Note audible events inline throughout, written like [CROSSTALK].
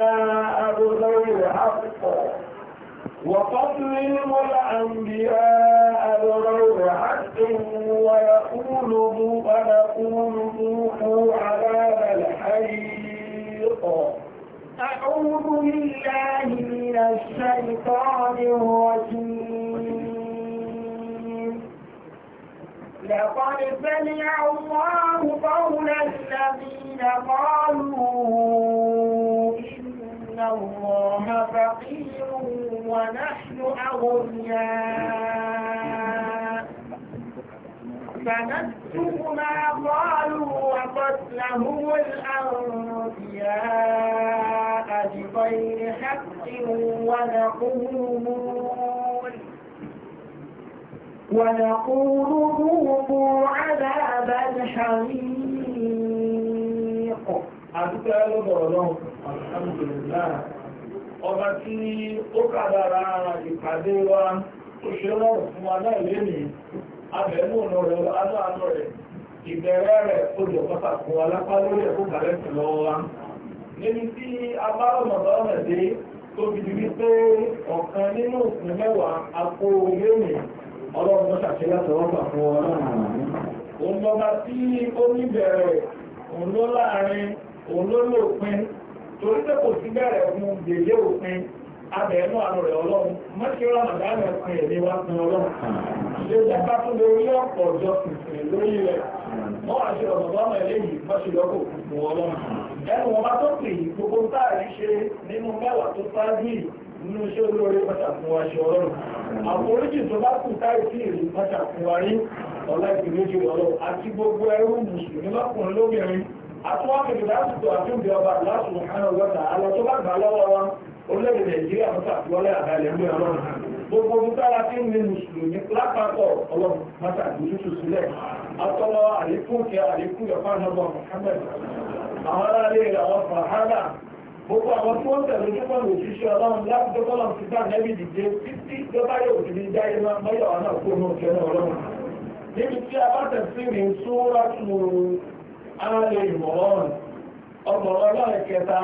أبغي الحق وتظلم الأنبياء بغير حق ويقول ونقول ذوقوا عذاب الحريق أعوذ بالله من الشيطان الرجيم لقد سمع الله قول الذين قالوا الله فقير ونحن أغنياء فنكتب ما قالوا وقتلهم الأنبياء بغير حق ونقول ونقول ذوقوا عذاب الحريق alhamdulillah ọba tí ó kàdára ìpàdé wa ó ṣe rọrùn fún wa náà lẹ́nì abẹ̀mú ọ̀nà rẹ̀ rẹ̀ ìbẹ̀rẹ̀ rẹ̀ ó jẹ́ pàtàkì wa lápá lórí lọ́wọ́ wa tí a bá ọ̀nà ọ̀nà dé tó fi dìbí pé ọ̀kan nínú òfin mẹ́wàá ọlọ́run fún náà òun lọ́ba tí ó níbẹ̀rẹ̀ òun ló torí pé kò sí bẹ̀rẹ̀ ọ̀hún gbèlé òpin abẹ̀ẹ́nú àrùn rẹ̀ ọlọ́run mọ́ṣẹ́ ramadan ẹ̀sìn ẹ̀mí wá fún ọlọ́run ṣe jàpá tún lórí ọ̀pọ̀ ọjọ́ tuntun lórí rẹ̀ wọ́n wá ṣe ramadan eléyìí mọ́ṣẹ́ lọ́kọ̀ fún ọlọ́run ẹnu wọn bá tó pè yí gbogbo táàrí ṣe nínú mẹ́wàá tó sáájú yìí nínú iṣẹ́ olóore pàtàkì wa ṣe ọlọ́run àforíjì tó bá kù táì sí ìlú pàtàkì wa rí ọ̀la ìgbìmọ̀ àti gbogbo ẹrú mùsùlùmí lọ́kùnrin lóbìnrin àtúwákèké lásìkò àjúbì ọba láti mọ̀hánà ọgọ́ta alọ́tọ́gbàgbà lọ́wọ́ wa orílẹ̀-èdè nàìjíríà mọ́ta àtiwọlé àbálẹ̀ ẹgbẹ́ ọlọ́run gbogbo mutara tí ń ní mùsùlùmí lápapọ̀ ọlọ́run mọ́ta àdújútù sílẹ̀ atọ́lọ́ àlékún kẹ àlékún yọ̀pá nọ́bọ̀ Muhammad àwọn aráalé rẹ̀ àwọn fàhánà gbogbo àwọn tí wọ́n tẹ̀lé tó pọ̀lú òṣìṣẹ́ ọlọ́run láti tó pọ̀lú ti bá nẹ́bí dìde títí tó bá yóò ti ààrẹ ìmọ̀rọ̀rùn ọgbọ̀rọ̀ ọlọ́ẹ̀kẹta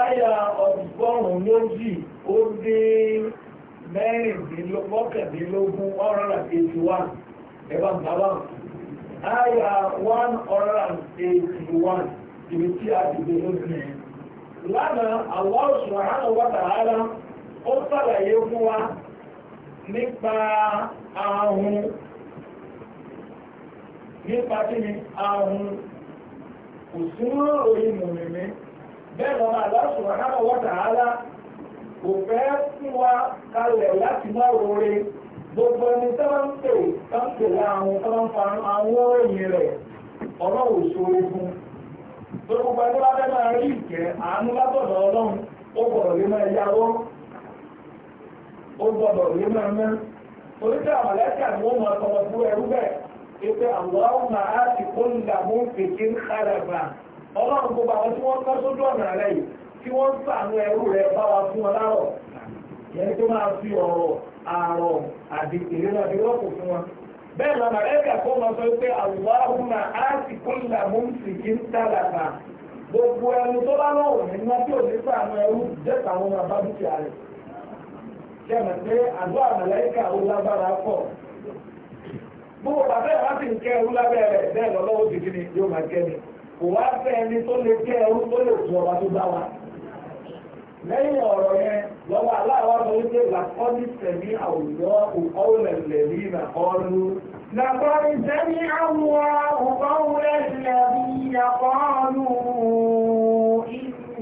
àyà ọgbọ̀rùn méjì ó dé mẹ́rìndínlógún ọ̀rọ̀ àti wà ẹ̀bá bàbá àyà 181 ibi tí a ti gbé lánàá Allah subhanahu ara ó sàlàyé fún wa nípa ahun nípa kí ni kò sí ròyìn mùmìnì bẹ́ẹ̀ lọ́nà aláṣọ àkàrà wọ́tà áàlá kò fẹ́ fún wa kalẹ̀ láti má rore gbogbo ẹni tó ń pè tó ń pè láàrún tó ń fa àwọn òyìn rẹ̀ ọ̀rọ̀ òṣòro fún tó gbogbo ẹni bá fẹ́ máa rí ìkẹ́ àánú látọ̀dọ̀ ọlọ́run ó gbọ́dọ̀ lé máa yáwó ó gbọ́dọ̀ lé máa mẹ́ torí pé àwọn ẹlẹ́kẹ̀ wọ́n máa tọrọ fún ẹrú bẹ́ẹ̀ pé àwọn àti na mú fèké ń kárẹ̀bà ọlọ́run gbogbo àwọn tí wọ́n kọ́ sójú ọ̀nà rẹ̀ yìí tí wọ́n sàánú ẹrú rẹ̀ bá wa fún wọn lárọ̀ tó máa fi ọ̀rọ̀ àrọ̀ àdìtìrí kẹ́mẹ̀ pé àmàlẹ́kà ó lágbára pọ̀ gbogbo bàbá ìwà sì ń kẹ́ ẹrú lábẹ́ rẹ̀ bẹ́ẹ̀ lọ́lọ́wọ́ ti kí ni yóò máa kẹ́ ni kò wá fẹ́ ẹni tó lè kẹ́ ẹrú tó lè tu ọba tó dá wa. lẹ́yìn ọ̀rọ̀ yẹn lọ́wọ́ aláwọ̀ sọ wípé làkọ́ni sẹ̀mí àwùjọ òkọ́wùlẹ̀lẹ̀mí nà ọ́lú. làkọ́ni sẹ́mi àwùjọ òkọ́wùlẹ̀lẹ̀mí nà ọ́lú.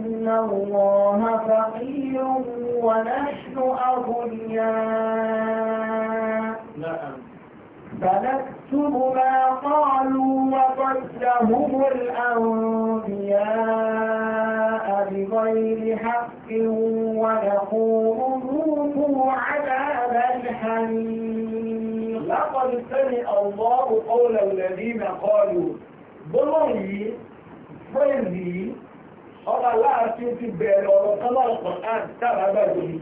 إن الله فقير ونحن أغنياء نعم فنكتب ما قالوا وقتلهم الأنبياء بغير حق ونقول ذوقوا عذاب الحريق لقد سمع الله قول الذين قالوا بلغي فرندي ọba láàáfin ti bẹ̀rẹ̀ ọ̀rọ̀ kọlọ́ọ̀pọ̀ àti tàbàbà yìí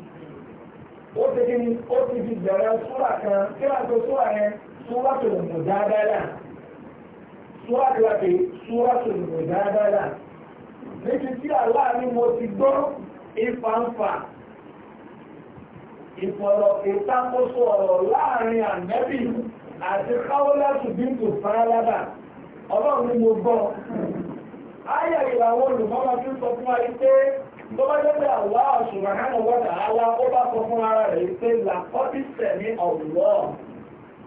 ó ti bẹ̀rẹ̀ súrà kan kí àjọ súrà yẹn súrátùlù mùdábálà súrátù àti súrátùlù mùdábálà níbi tí aláàánú mo ti gbọ́ ìfàǹfà ìfọ̀rọ̀ ìtakóso ọ̀rọ̀ láàrin ànẹ́bì àti káwọ́lẹ́sù bíntù faralábà ọlọ́run ni mo gbọ́ ayẹ̀ ìràwọ̀ olùmọ́mọ́ tí ń sọ fún wa pé tó bá jẹ́ pé àwọ̀ àṣùwà náà wọ́n tààlà ó bá sọ fún ara rẹ̀ pé làkọ́bí tẹ̀mí ọ̀wọ́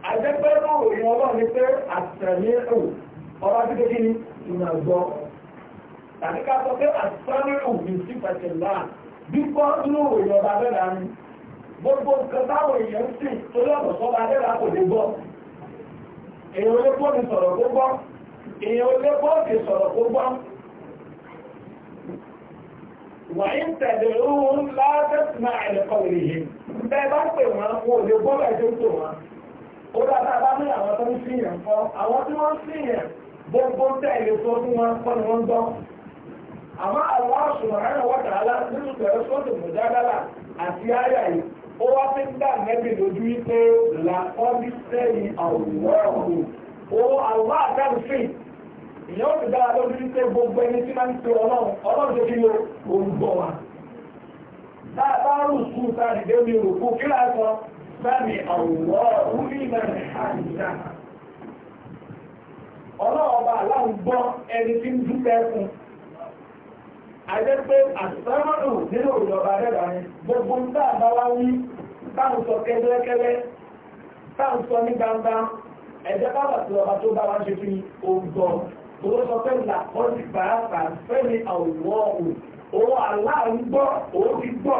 àjẹ́pẹ́rú òyìn ọlọ́run ní pé àtẹ̀mí ẹ̀wù ọba tí kékeré ní ìrìnàgbọ́ tàbí ká sọ pé àtẹ̀mí ẹ̀wù ní sí pẹ̀tẹ̀lá gbígbọ́ nínú òyìn ọba bẹ́ẹ̀dá ni gbogbo nǹkan táwọn èèyàn ń sìn torí ọ̀pọ̀ sọ́ba bẹ́ẹ̀dá kò lè gbọ́ èèyàn olé bọ́ọ̀lù sọ̀rọ̀ ó bá tá a bá ní àwọn tó ń sí yẹn kọ́ àwọn tí wọ́n sí yẹn gbogbo tẹ̀lé tó fún wọn kọ́ ni wọ́n gbọ́ àmọ́ Allah subhanahu wa ta'ala nínú tẹ̀lé sọ́tò mọ̀jádálà àti àyà yìí ó wá fi ń dà nẹ́bí lójú wípé làkọ́bí sẹ́yìn àwòrán ó àwọn àdáǹfì ìyẹn ó ti dára lójú wípé gbogbo ẹni tí máa ń pe ọlọ́run ọlọ́run tó fi lo òun wa. bá bá rù sùn dìde mi rò kú kí láti sọ sami Allahu liman hamidah ọlọ́ọ̀bá aláhùn gbọ́ ẹni tí ń dúpẹ́ fún àjẹ́pẹ́ àtìsámọ́nù nínú ìjọba rẹ̀bà ni gbogbo ń bá àbáwá wí táwọn sọ kẹ́lẹ́kẹ́lẹ́ táwọn sọ ní gbangba ẹ̀jẹ̀ bábà tí ọba tó bá wá fi ògbọ̀ owó sọ pé làkọ́sí pàápàá fẹ́mi àwòrán òun àláhùn gbọ́ òun ti gbọ́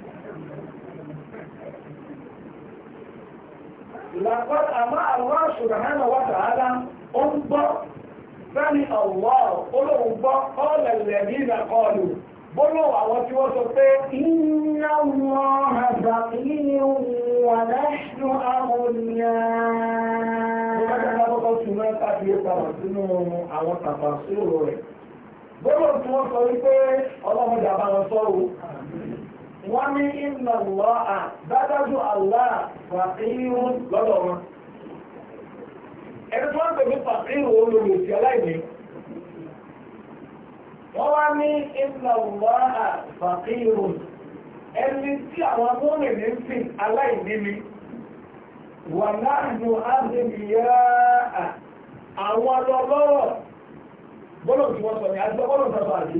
lagos àmọ́ Allah subhanahu wa ta'ala ó ń gbọ́ sani Allah olóhùn gbọ́ ọ̀lẹ̀lẹ̀ àwọn tí sọ pé iná wọn wà bọ́lọ̀ tí wọ́n sọ wípé sọ́rọ̀ wọ́n ní ìnà lọ́à dájájú Allah fàkírù lọ́dọ̀ wọn ẹni tó ń pè ní fàkírù olùlòsì aláìní wọ́n wá ní ìnà lọ́à fàkírù ẹni tí àwọn gómìnà ọlọ́rọ̀ bọ́lọ̀ tí wọ́n sọ ní agbẹ́bọ́lọ̀ sọ́sọ́ àdé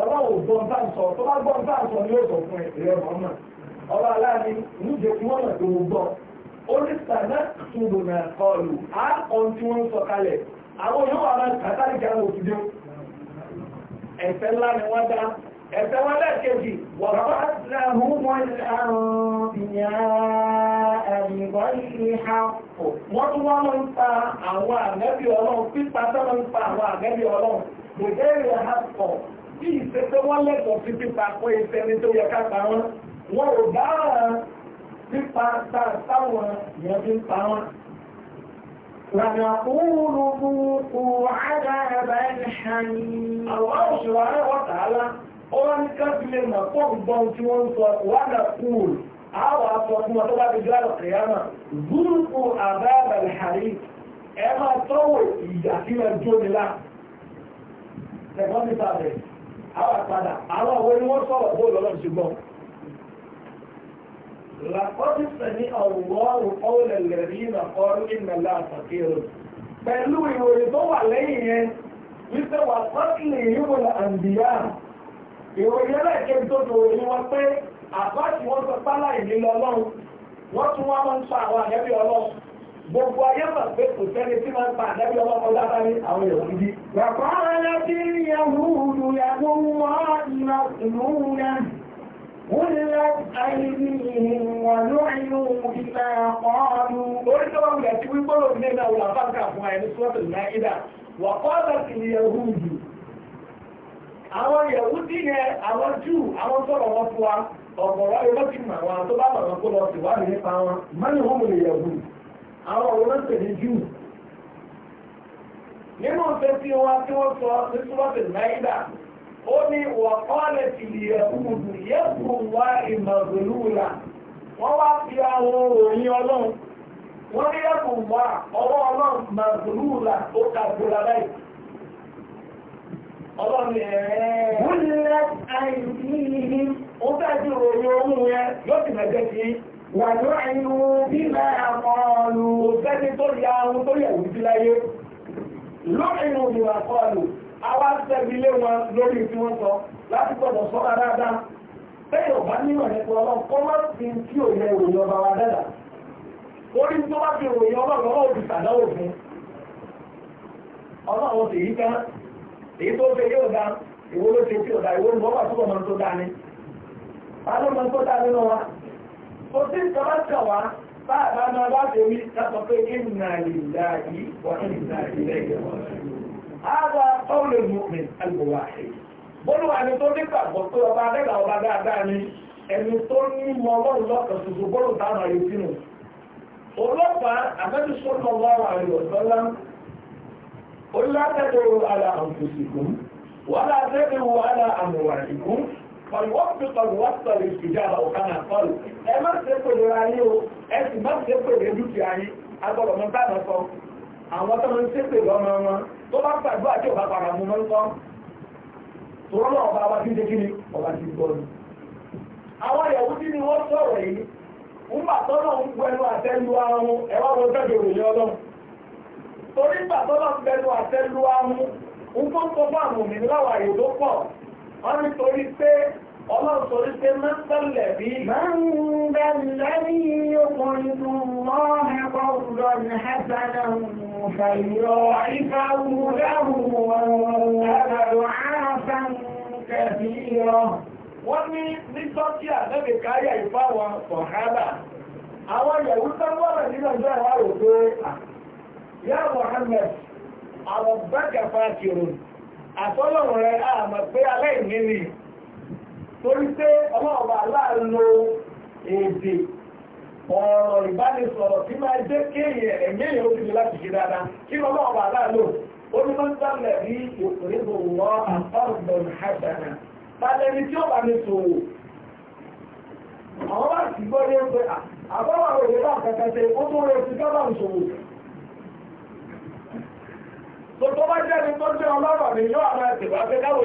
ọlọ́run gbọ́n bá ń sọ tó bá gbọ́n bá ń sọ ní òòtò fún ìrẹ́ mọ́mọ́ ọba aláàní níjẹ kí wọ́n mọ̀ tó gbọ́ oríṣà náà tún lò náà kọlù á ohun tí wọ́n ń sọ kalẹ̀ àwọn yóò wà máa kàtàrí kí àwọn òfin dé ẹ̀fẹ́ ńlá ni wọ́n dá ẹ̀fẹ́ wọn lẹ́ẹ̀kejì wọ́n tún wọ́n máa ń pa àwọn àgẹ́bí ọlọ́run pípa tó ń pa àwọn àgẹ́bí ọlọ́run kò ìrẹ̀ ha tí ìṣe pé wọ́n lẹ́tọ̀ọ́ sí pípa pé iṣẹ́ ní tó yẹ ká pa wọ́n wọn ò bá pípa táwọn yẹn fi ń pa wọ́n. ونقول ذوقوا عذاب الحميم الله سبحانه وتعالى ọ̀rọ̀ kábílẹ̀ mà pọ̀ gbọ́n tí wọ́n sọ wádà kúl àwọn aṣọ fún ọ̀tọ́ bá ti jọ àrọ̀ kìyàmà zúrùkù àbáàbà ìhàrí ẹ máa tọ́wọ̀ ìyà sílẹ̀ jónilá ẹ̀gbọ́n ti sàbẹ̀ àwọn àpàdà àwọn àwọn ni wọ́n sọ̀rọ̀ bó lọ́lọ́ ṣùgbọ́n làkọ́tí sẹ̀ní ọ̀rùwọ́rù ọ̀rẹ́ lẹ́rí ìnàkọ́rù ìnàlá àtàkìrò pẹ̀lú ìròyìn tó wà lẹ́yìn yẹn wípé wà pọ́tìlì ìwò àǹdíyà ìròyìn ẹlẹ́ẹ̀kẹ́ tó tó ní wọ́n pé àbáṣì wọ́n sọ pálá ìlú ọlọ́run wọ́n tún wá máa ń sọ àwọn àyẹ́bí ọlọ́run gbogbo ayé mà pé kò tí máa pa àdábí ọmọ ọmọ àwọn èèyàn gidi. Bàbá ara tí Yahudu yàgò wá ìlà ìlú rẹ̀. Wúlẹ̀ àìní ìwọ̀n lóyún ìlà ọ̀ọ́lù. Orí tó wọ́n wulẹ̀ tí wípọ́lọ̀ ní ẹ̀dá wùlà fáńkà fún Yahudu. Àwọn àwọn àwọn sọ̀rọ̀ wọn fún wa. Ọ̀pọ̀ wa yóò ti mọ̀ àwọn olóńtẹ̀ ní jù nínú ọ̀sẹ̀ tí wọ́n tí wọ́n sọ ní súnmọ́tẹ̀ náírà ó ní wọ̀kọ́lẹ̀ ti lè kúrú yẹ́kùn wá ìmọ̀gbẹ̀lúwìlà wọ́n wá fi àwọn òyìn ọlọ́run wọ́n ní yẹ́kùn wá ọwọ́ ọlọ́run mọ̀gbẹ̀lúwìlà ó ta láì ọlọ́run ẹ̀ẹ́ wàlúwàlú bí máa kọlu òṣèlú tó yà ohun tó yẹ wù sí láyé lónìí òní wà kọlu àwa sẹ́bi lé wọn lórí tí wọ́n sọ láti gbọ́dọ̀ sọ́ra dáadáa bẹ́ẹ̀ ọ̀bá nímọ̀ nípa ọlọ́run kọ́ má ló ṣe tí ò dá ìwó wà túbọ̀ mọ́ tó dá ni. ta ló mọ́ tó dá nínú wa kò sí ìjọba kàwá bá àbámá bá ṣe wí sátọ pé ìnà ìlà yìí wọ́n ìlà ilẹ̀ ìjọba. Àwa ọ̀rẹ́ mọ̀mí àgbọ̀wá bọ́lú àmì tó ní pàgbọ́ pé ọba adẹ́gbà ọba dáadáa ni ẹni tó ní mọ ọlọ́run lọ́kàn tuntun bọ́lú táwọn ayé sínú. ọlọ́pàá àmẹ́tùsọ́nà wàrà àríwọ̀sọ́lá ó látẹ́lẹ̀ فالوقت قد وصل الاستجابة وكان قال اما سيكون رأيه ẹ̀sì má ṣe pèrè dúkìá yín agbọ́dọ̀ mọ́ táàmù sọ àwọn tó ń ṣépè lọ́mọ wọn tó bá pàdé àti ọ̀bá padà mú mọ́ ń sọ tòrọ́ náà ọba wa ti dé kí ni ọba ti gbọ́ ni. àwọn ìyàwó ni wọ́n sọ̀rọ̀ yìí ń bà tọ́ náà ń gbọ́ ẹnu àtẹ́lu ahun ẹ̀wá wọn tẹ́lẹ̀ torí ń bà tọ́ náà ń fún àwọn òmìnira wàyè tó pọ̀ pé Ọlọ́run sọ wípé máa ń tẹ́lẹ̀ bí. Máa ń bẹ̀rẹ̀ ní ọkùnrin tó mọ́ ẹ̀kọ́ ọ̀dọ́ ní Hẹ́sánà Fàìrọ̀ ìfàwù dáhùn ẹ̀rọ ààfàn kẹfìrọ̀. Wọ́n ní ní Tọ́kí àdébì káyà ìfáwọn ọ̀hádà. Àwọn ìyàwó sáwọ́ rẹ̀ nínú ọjọ́ ìwárò pé Yá Mohammed, torí pé ọlọ́ọ̀bà aláàlò èdè ọ̀rọ̀ ìbánisọ̀rọ̀ tí máa jẹ́ kéèyàn ẹ̀mí èèyàn ó ti láti ṣe dáadáa kí ọlọ́ọ̀bà aláàlò ó ní máa ń sálẹ̀ rí ìpòrìbò wọ́ àtọ́rùbọ̀n hàjànà tàbí bá jẹ́ ní tó jẹ́ ọlọ́rọ̀ mi yóò àwọn ẹ̀sìn wá pé káwọ̀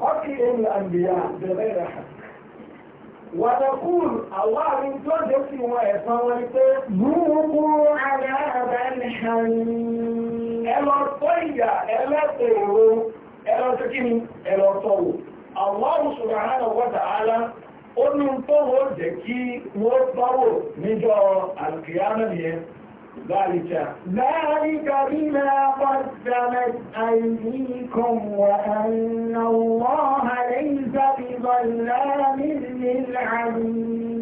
قتل الأنبياء بغير حق ونقول الله من جودة ويصورك ذوقوا عذاب الحميم ألا طيّة ألا طيّة ألا تكين ألا طول الله سبحانه وتعالى ó ní tó wọ́n jẹ́ kí wọ́n báwò níjọ́ àlùkìyámà nìyẹn ذلك ذلك بما قدمت أيديكم وأن الله ليس بظلام للعبيد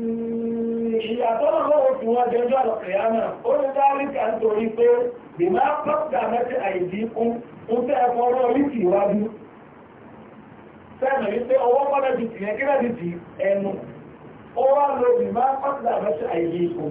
ìyàtọ̀ lọ́wọ́ fún ọjọ́jọ́ àlọ́kìyàmà ó ní dáríkà nítorí pé bìmá pọ́pdà mẹ́tí àìdíkún ń tẹ́ ẹ̀kọ́ ọ̀rọ̀ oríkì ìwájú sẹ́nà wípé ọwọ́ pọ́dà jù tìyẹn kílẹ̀ jù tì ẹnu ó wá lo bìmá pọ́pdà mẹ́tí àìdíkún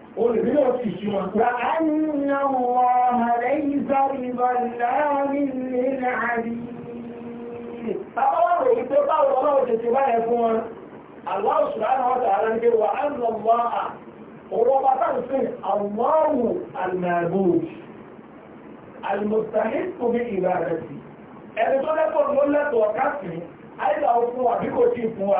وأن الله ليس بظلام للعبيد Àwọn ìpé báwọn ọlọ́run ti ti báyẹ fún wọn, Allah ṣùgbọ́n wọ́n tààrà ń gbé wà án lọ mọ́ à, owó bá Ẹni tó lẹ́kọ̀ọ́ ló lẹ́kọ̀ọ́ káàkiri, àìlà òfin wà tí fún wa,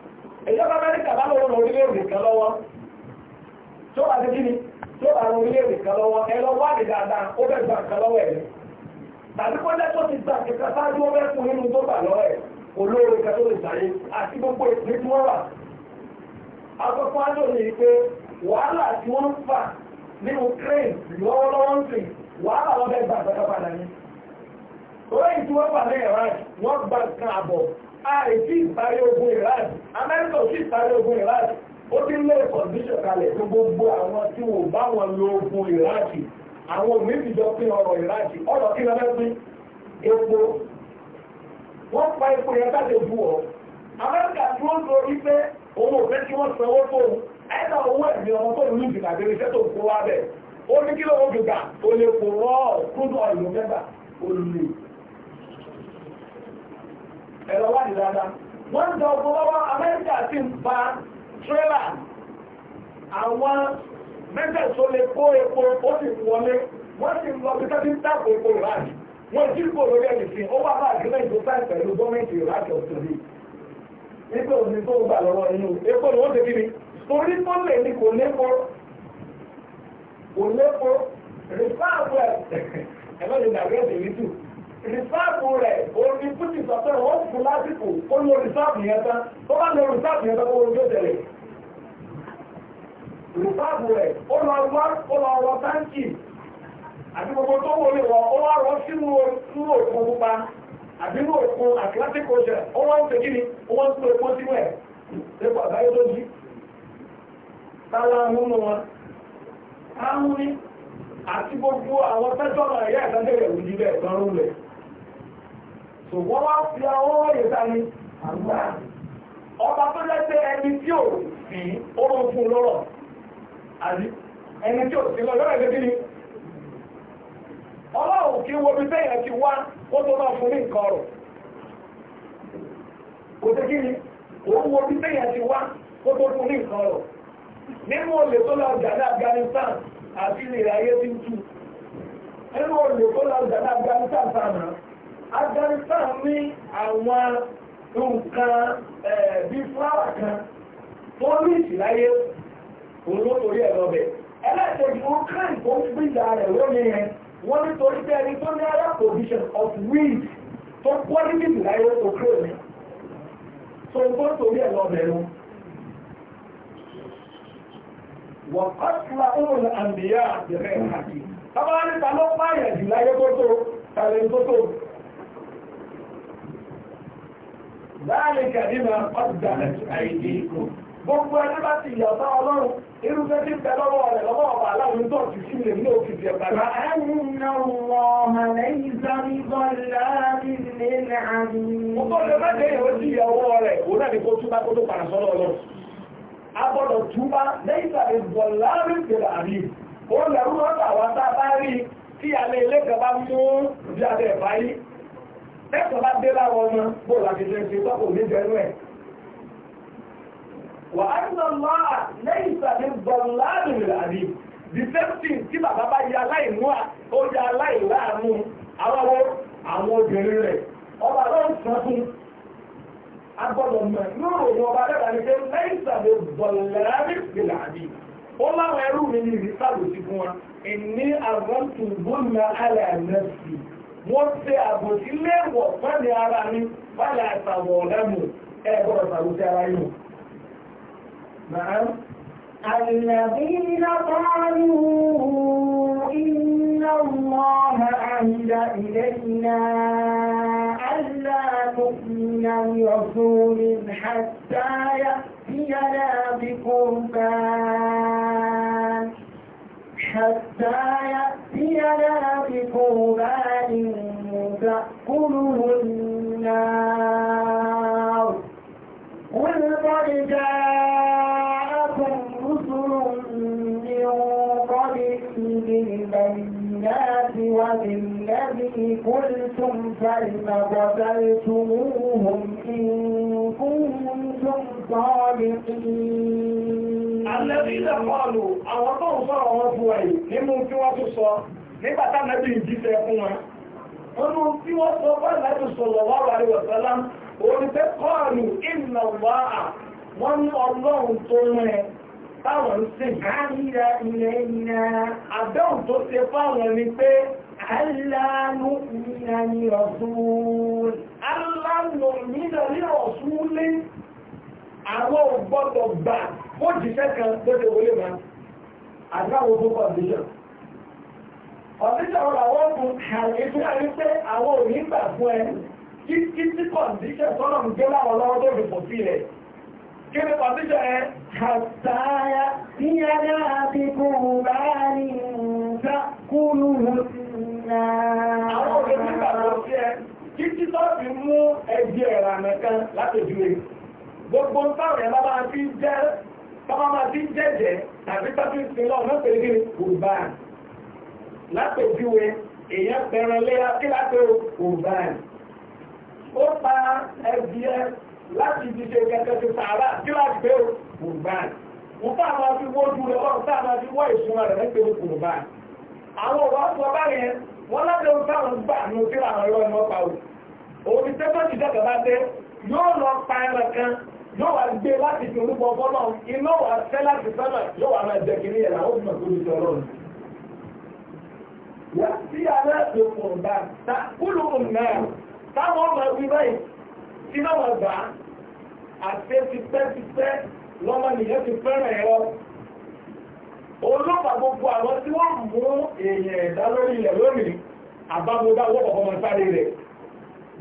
ìjọba amẹ́ríkà bá lọ́rọ̀ orílẹ̀-èdè kan lọ́wọ́ tó bá ti kí ni tó orílẹ̀-èdè kan lọ́wọ́ dáadáa ó gbà ẹ̀ tàbí kó jẹ́ tó nínú tó gbà lọ́wọ́ ẹ̀ olóore kan tó lè gbogbo ìpín tí wọ́n wà akọ́kọ́ ájò ní pé wàhálà tí wọ́n ń fà nínú crane lọ́wọ́lọ́wọ́ ń sìn wàhálà gbà padà ní. orí ìtúwọ́pà àìsí ìparí ogun Iraq Amẹ́ríkà ò sí ogun Iraq ó ti lé kọ̀díṣọ̀ kalẹ̀ fún gbogbo àwọn tí wò bá wọn lo ogun Iraq àwọn òmìnirìjọ pín ọrọ̀ Iraq ọ̀rọ̀ kí lọ́dẹ́ pín epo wọ́n pa epo yẹn káde bu ọ́ Amẹ́ríkà tí wọ́n sọ òun ò fẹ́ kí wọ́n fóun owó ẹ̀mí ọmọ tó ó ní kí ẹ̀rọ wà ní dáadáa wọ́n ń dán ọgbọ́n lọ́wọ́ amẹ́ríkà sì ń ba tírélà àwọn mẹ́tẹ̀ tó lè kó epo ó sì wọlé wọ́n sì ń lọ bí sẹ́bí ń tàkó epo ìráàdì wọ́n ti kó lórí ẹ̀mí sí ó wà bá àgbẹ̀mẹ̀ tó fẹ́ pẹ̀lú gọ́ọ̀mẹ̀ntì ìráàdì ọ̀tọ̀lì nígbà òní tó gbà lọ́wọ́ inú epo ni wọ́n ti kí ni torí tó lè ní kò lépo kò lépo rìfáàbù ẹ̀ ẹ̀lọ́dún dàgbẹ́ rìsáàbù rẹ̀ orí pútì sọ́tọ̀ wọ́n ti fún lásìkò ó lo rìsáàbù yẹn tán tó bá lo rìsáàbù yẹn tán kó ojú tẹ̀lé rìsáàbù rẹ̀ ó lọ wá ó lọ wọ táǹkì àti gbogbo tó wọlé wọ ó wá rọ sínú òkun pupa àbí ní òkun Atlantic Ocean ó wá ń pè kíni ó wá ń pè epo sínú ẹ̀ lẹ́kọ̀ọ́ àbáyé tó jí tálá múnú wọn táwọn ní àti gbogbo àwọn tẹ́tọ́nà ẹ̀yà ìdájọ́ rẹ̀ òjì bẹ́ẹ̀ lọ́rùn rẹ̀ ṣùgbọ́n wá fi àwọn ọ̀yẹ̀ sáré àgbà ọba tó jẹ́ pé ẹni tí ò sí oòrùn fún lọ́rọ̀ àbí ẹni tí ò sí lọ lọ́rọ̀ ẹgbẹ́ ni ọlọ́run kí wo bí bẹ́ẹ̀ ti wá ó tó máa fún ní nǹkan ọ̀rọ̀ kò sí kí ni òun wo bí bẹ́ẹ̀ ti wá ó tó fún ní nǹkan ọ̀rọ̀ nínú olè tó lọ jà ní Afghanistan àti ilẹ̀ ayé ti ń tú nínú olè tó lọ jà ní Afghanistan sáà náà Afghanistan ní àwọn nǹkan bí fúláwà kan tó ní ìsìláyé òun ló torí ẹ̀rọ bẹ̀. ẹlẹ́tẹ̀ẹ́jì wọn kàn tó ń gbìyà rẹ̀ lónìí yẹn wọ́n ní torí pé ẹni tó ní ara provision of weed tó pọ́ ní ìsìláyé tó kúrò ní. tó ń bọ́ torí ẹ̀rọ bẹ̀ lọ. wọ́n kọ́ sí wa ó lọ àmì yá àbẹ̀rẹ̀ àti. tábà nípa ló pààyàn jù láyé tó tó tó. láàrínkà nínú ọjà àìdíkù gbogbo ẹni bá ti yàtọ̀ ọlọ́run irúfẹ́ tí ń tẹ lọ́wọ́ rẹ̀ lọ́wọ́ ọba aláwọ̀ tó ti sí lè ní òkè ti ẹ̀pà náà. ẹ̀yìn ọ̀wọ̀n lẹ́yìn sáré bọ́lá nílé àmì. mo tó lè má dé ìwé sí ìyàwó rẹ̀ òun náà ní kó túbá kó tó padà sọ́dọ̀ ọlọ́run. a gbọ́dọ̀ túbá lẹ́yìn sáré bọ́lá nílé àmì. ó lẹ́rú lọ́tà wa tá a bá rí tí alẹ́ ilé kan bá mú bí abẹ́ ìfáyín lẹ́tọ̀ bá dé láwọn ọmọ bó láti ṣe ṣe tọ́kù níbẹ̀rú ẹ̀. wà á ní ọmọ à lẹ́yìn ìsàlẹ̀ bọ̀láàdùn ìlàdí the same thing tí bàbá bá yẹ aláìmú à ó yẹ aláìláàmú aláwọ̀ àwọn obìnrin rẹ̀ ọba ló ń sàn fún agbọ́dọ̀ mọ̀ yóò rò ọba dẹ́gbà ní pé lẹ́yìn ìsàlẹ̀ bọ̀láàdùn ìlàdí ó láwọn ẹrú mi ní ìrísàlù sí fún wa ìní àwọn tùbúnà alẹ́ àlẹ́ sí i wọ́n ṣe àbòsí léèwọ̀ mọ́ni ara ní bálẹ̀ àtàwọ̀ ọ̀lẹ́mù ẹgbọ́n ṣàrùsí ara yìí الذين قالوا إن الله عهد إلينا ألا نؤمن لرسول حتى حتى يأتينا بقربان تأكله النار قل قد جاءكم رسل من قبل بالبينات وبالذي قلتم فلم قتلتموهم إن كنتم صادقين الذين قالوا àwọn tó ń sọ̀rọ̀ wọn fún ẹ̀yìn nínú tí wọ́n tún sọ nígbà táwọn ẹbí ìjíṣẹ́ fún wọn nínú tí wọ́n sọ bá láti sọ̀rọ̀ wà wà lẹ́wọ̀ sọ́lá òun fẹ́ kọ́ọ̀lù ìnà wà á wọ́n ní ọlọ́run tó rẹ̀ táwọn ń sìn. àyíra ilẹ̀ iná àdéhùn tó ṣe fáwọn ni pé aláàánú ìnà ni àdáwò tó condition condition wọn làwọn fún àìsí àrí pé àwọn ò ní gbà fún ẹ títí tí condition tọ́nà ń gbé láwọn lọ́wọ́ tó fi pò sí rẹ̀ kí ni condition ẹ kàtàyà ní ẹgbẹ́ àti kùnbá ní nǹkan kúlù àwọn òṣèlú gbà pò sí ẹ títí tó fi mú ẹgbẹ́ ẹ̀rà nìkan láti ju gbogbo táwọn ẹ̀ bá bá fi jẹ́ tọ́wọ́ máa ti jẹ́jẹ́ tàbí tọ́jú ìsinlọ́ lọ́pẹ̀ ní urban lápèjúwe èèyàn pẹ̀rẹ̀ léra kí lápẹ̀ urban ó pa ẹgbẹ́ láti ibi ṣe gẹ́gẹ́ ti sàárà kí lápẹ̀ urban wọ́n tá àwọn fi wójú rẹ̀ wọ́n tá àwọn fi wọ́ ìṣúná rẹ̀ lẹ́pẹ̀ urban àwọn ọ̀rọ̀ sọ báyẹn wọ́n lábẹ́ ohun táwọn gbà ní òkè àwọn ọ̀rọ̀ ọ̀nà ọ̀pá òun ti tẹ́tọ́ yóò wá gbé láti fi orúkọ bọ́lọ̀ iná wà fẹ́ láti sánà yóò wá máa jẹ kiri yẹn àwọn òṣùmọ̀ ya lùsọ lọ́rùn. Yá sí alẹ́ òkun ta kúlù ọ̀nà táwọn ọmọ ẹbí báyìí tí náà wà gbà á àti ti pẹ́ ti pẹ́ lọ́mọ nìyẹn ti fẹ́ràn ẹ̀rọ. Olóòpà gbogbo àwọn tí wọ́n mú èèyàn ẹ̀dá lórí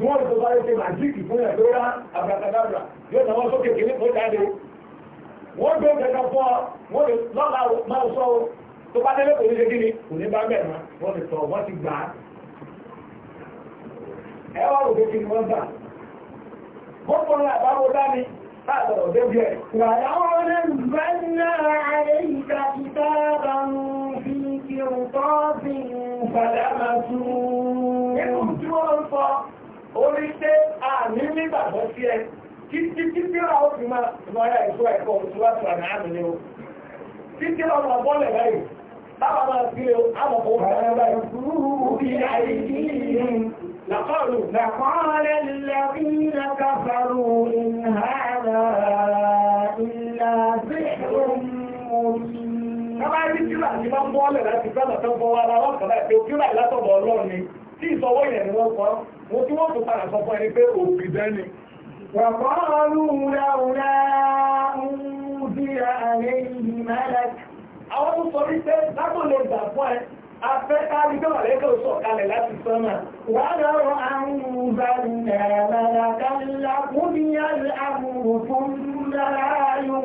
bí wọ́n tó bá rí ṣe màjíìkì fún ẹ̀ lóra àbàkàdàbà yóò tàwọn sókè kìíní kó jáde wọ́n gbé kẹta fọ́ wọ́n lè lọ́la máa sọ o tó bá délé kò ní ṣe kí ni kò ní bá bẹ̀rẹ̀ wọ́n ti tọ̀ wọ́n ti gbà á ẹ wá rò kí ni wọ́n gbà wọ́n kọ́ ní àbáwọ̀ dání láàbọ̀ ọ̀dẹ́bí ẹ̀ àbọ̀ sí ẹ títí títí ra ó fi máa lọ ya èso ẹ̀kọ́ òṣùwàṣù àmì àmì ni o títí ra ọmọ bọ́ọ̀lẹ̀ báyìí báwa máa sí o àbọ̀kọ̀ òṣùwàṣù báyìí kúrú bí ayé yìí làkọ́ọ̀lù. làkọ́ọ̀lẹ̀ lẹ́yìn káfàrú ìhàrá ìlà bẹ́ẹ̀rùn mọ́rin. Bábá rí kíra ní máa ń bọ́ọ̀lẹ̀ láti fẹ́ mo tí wọ́n tó padà sọpọ̀ ẹni pé òbí dẹ́ni àwọn tó sọ wípé lábò lè gbà fún ẹ afẹ́ káàrí tó wà lẹ́kọ̀ọ́ sọ kalẹ̀ láti sọ́nà wà lọ́rọ̀ àwọn òǹbàrùn ẹ̀rọ̀lọ́dọ́lá kú ní àmúrù fún lára yóò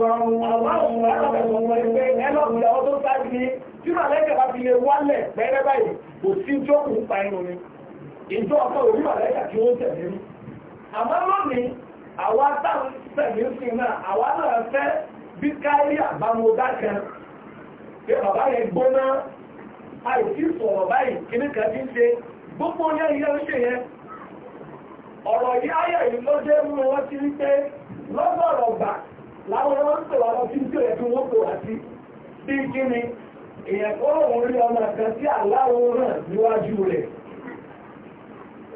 rọrùn àwọn òun alábẹ̀sọ̀wọ̀ ẹgbẹ́ ẹlọ́rùn lọ́wọ́ tó sáà ìjọ ọ̀pọ̀ orí màláìkà tí wọ́n tẹ̀lé rí àmọ́ lónìí àwa táwọn tẹ̀lé sí náà àwa náà fẹ́ bí káyé àbámọ́dá kan pé bàbá yẹn gbóná àìsí sọ̀rọ̀ báyìí kíní ti ń ṣe gbogbo ní ẹ̀yẹ ń ṣe yẹn ọ̀rọ̀ yí ayẹ̀ yìí ló dé mú wọn ti rí pé gbà láwọn wọn lọ ọmọ kan sí àláwọ̀ náà níwájú rẹ̀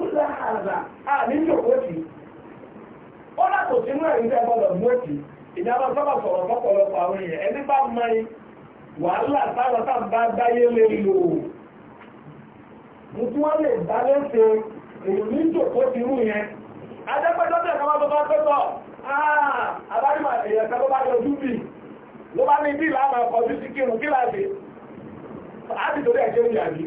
nígbà àzà àmì ìjòkó ó látò sínú ẹ̀rí tẹ́ gbọ́dọ̀ mú òtì ìjábọ̀ sábà sọ̀rọ̀ lọ́pọ̀lọpọ̀ àwọn èèyàn ẹni bá mọ́ni wàhálà táwọn tá bá dáyé lè lò mú lè bá lẹ́sẹ̀ rú yẹn adẹ́pẹ́jọ́ tẹ̀ tó bá èèyàn bá ló bá ní bí sí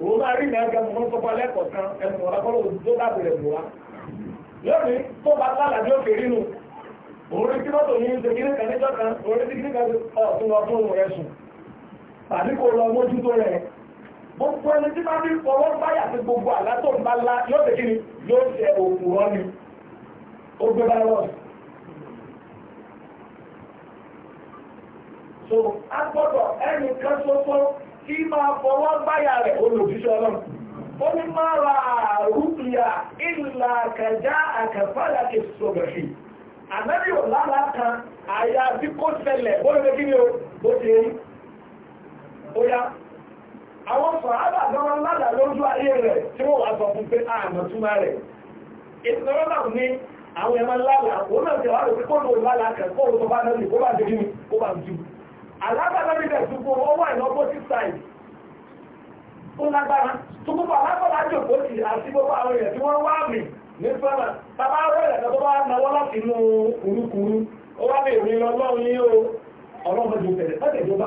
òun máa rí ìrìnàjò ẹmu fún sọpọ lẹ́kọ̀ọ́ kan ẹnu mọ̀lá kọ́ lóòótọ́ tó bá bẹ̀rẹ̀ bù wá lónìí tó bá lálàjì òkè rínu òun rí kíkọ́ tó ní ṣe kíní kan níjọ́ kan òun rí kíní kan ọ̀tún ọdún òun rẹ̀ sùn tàbí kò lọ mójú tó rẹ̀ gbogbo ẹni tí máa ń fọwọ́ báyà sí gbogbo àlá tó ń bá lá yóò ṣe kíni yóò ṣe òkú rọ́ ni ó gbé bá rọ́ọ̀sì so a gbọ́dọ̀ ẹnì kan ṣoṣo kí máa fọwọ́ gbáyà rẹ̀ olùdíṣẹ́ ọlọ́run ó ní máa ra àrùbíyà ìlà àkàjá àkàfàlà ìṣòbẹ̀fì ànábì ò lára kan àyà bí kò ṣẹlẹ̀ ó lè kí ni o bó ti rí ó yá àwọn sọ̀rọ̀ àgbàwọn ládàá lójú ayé rẹ̀ tí wọ́n wá sọ ẹ̀mọ́ lálàá òun náà ti wá pé kó lóun lálàá kan kó tó bá náà lè kó bá ti kí ni kó bá ti jù alágbàlábí rẹ̀ dùgbò ọwọ́ tupu sí sáìdì ó lágbára tó gbogbo alágbàlá jòkó sí àti gbogbo àwọn èèyàn tí wọ́n wá mi ní sọ́nà tàbá rẹ̀ lẹ́tọ́ ọrụ bá náwọ́ láti inú kùrukùru ó wá tó bá aláyé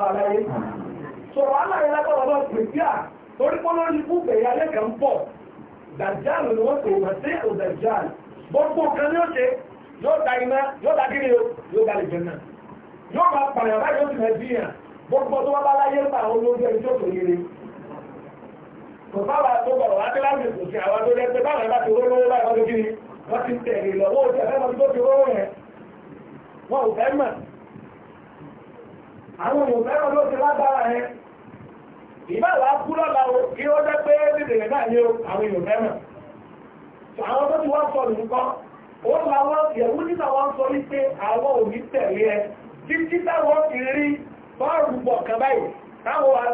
sọ̀rọ̀ aláyé lọ pè sí à torí pọ̀ dàjáàlù ni wọ́n pè wọ́n sí gbogbo kan ní ó ṣe yóò máa pààyàn láyé oṣù nàìjíríà gbogbo tó wá bá láyé ń pa àwọn olóògbé ẹni tó tòye ni kò sábà tó bọ̀rọ̀ wá sí láti kò sí àwọn tó lẹ́sẹ̀ báwọn bá ti rówó báyìí wọ́n ti kiri wọ́n ti tẹ̀lé lọ́wọ́ òṣèlú ẹ̀fẹ́ wọn tó ti rówó yẹn wọn ò fẹ́ mọ̀ àwọn èèyàn fẹ́ràn ló ti lágbára yẹn ìbáwá kú lọ́la o kí ó jẹ́ pé nídìrí náà ni àwọn èèyàn fẹ́ràn àwọn tó ti wá sọ nǹkan ó làwọn yẹ̀wú nígbà wọn sọ wípé àwọn ò tẹ̀lé ẹ títí táwọn fi rí bọ́ọ̀lù bọ̀ báyìí táwọn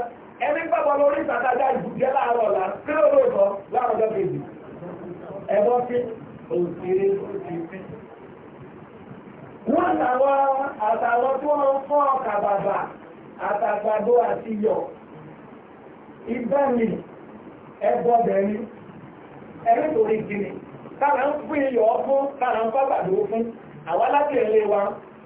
ẹni gbàgbọ́ lórí ìtàkàjà ìbùjẹ́ láàárọ̀ ọ̀la kí ló ló kejì ẹ̀bọ́n sí òkèrè òkèrè wọ́n àtàwọn ń fọ́ bàbà àtàgbàdo àti yọ̀ ìbẹ́ni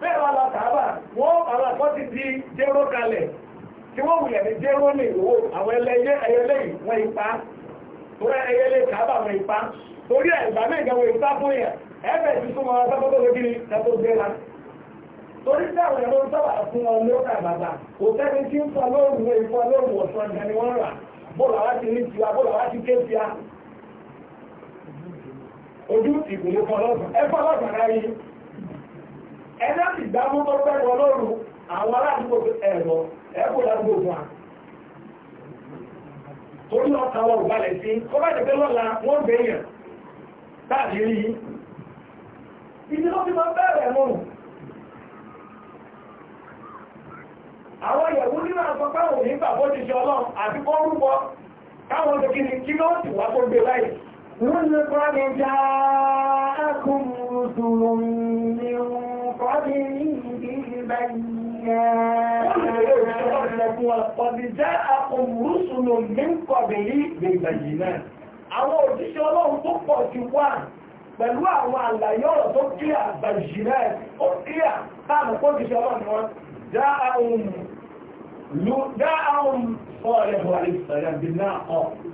bẹ́ẹ̀ wọ́n àwọn àkọ́tí di tí wọ́n ní ní ìwò àwọn ẹlẹ́yẹ ẹyẹlẹ́ wọn ipa torí ẹyẹlẹ́ wọn torí wọn ipa fún yẹn ẹ̀bẹ̀ ti lókì ní torí tí àwọn ẹ̀rọ sábà fún wọn bàbà kò tí ń fọ lóòrùn ìfọ lóòrùn ẹ̀dá sì dámú tó pẹ́kọ̀ àwọn aládùúgbò ẹ̀rọ ẹ̀kọ́ ládùúgbò fún wa torí ọ̀tá wọn ò balẹ̀ sí kó lọ́la wọ́n gbẹ̀yàn láti rí ló fi bẹ̀rẹ̀ mọ́rùn àwọn nínú ti ṣe ọlọ́run àti káwọn kí ni kí قل àwọn òjíṣẹ́ ọlọ́run tó pọ̀ ti wá pẹ̀lú àwọn àlàyé ọ̀rọ̀ tó kíyà bàjìrẹ́ ó kíyà táàmù kó jíṣẹ́ ọlọ́run wọn dá àwọn ọ̀rẹ́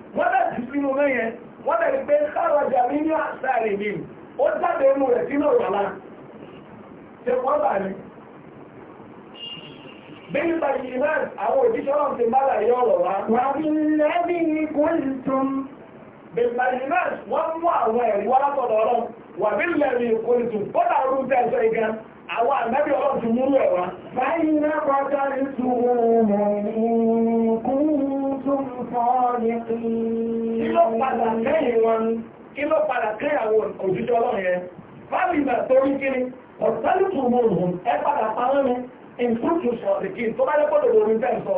wọ́n dẹ̀ ti sínú mẹ́yẹn wọ́n dẹ̀ pé sáwọ́jà mi ní àṣàrí mi ó jáde inú rẹ̀ sínú ìrọ̀lá ṣe wọ́n bà ní. Bíi bàyìí náà àwọn òjíṣẹ́ náà ti máa láyé ọ̀rọ̀ wá. Wà á fi lẹ́bí ní kò ń tún. Bíi bàyìí náà wọ́n mú àwọn ẹ̀rí wá látọ̀dọ̀ ọlọ́run. Wà á fi lẹ́bí kò ń tún. Bọ́dà ọdún tẹ́ ẹ̀ṣọ́ ìga àwọn àmẹ́bí ọlọ́run ti múrú ẹ̀ wá. Báyìí náà kọjá ní tùrù mọ̀ كنتم صادقين kí ló padà kẹ́yìn wọn kí ló padà kẹ́yìn àwọn òjújọ́ ọlọ́run yẹn fábìlì torí kí ni ọ̀tẹ́lì tó mú òun ẹ padà parọ́ mi ìkúntù sọ̀dìkì tó bá lẹ́kọ̀ọ́ lòun tẹ̀ sọ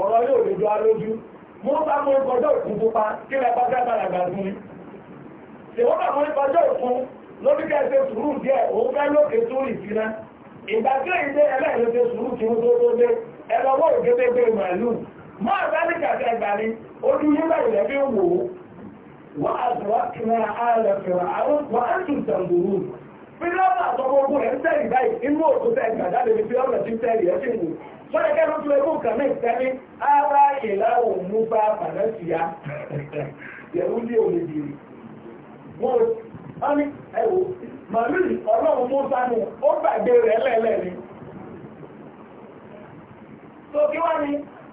ọ̀rọ̀ yóò lè jọ alójú mo bá mú ìkọjọ́ òkun pupa kí lẹ pàṣẹ àgbàlagbà fún mi ṣèwọ́n bá mú ìkọjọ́ òkun lórí kẹsẹ̀ sùúrù díẹ̀ òun fẹ́ lókè tó rì sí náà ìgbà tí èyí dé ẹlẹ́yìn ló ṣe sùúrù tí ó tó tó dé ẹ lọ́wọ́ òkè tó gbé màálù máa dálíkà sí ẹgbà ní ojú ilẹ̀ bí wò ó wọ́n kìnnà ààrẹ fìrà àwọn wọ́n á tún tàǹdùrù fílọ́ọ̀nù àtọ́gbọ́gbọ́ ẹ̀ ń tẹ̀lé báyìí inú òkú tẹ̀ gbàdáde ní tí ẹ̀ mú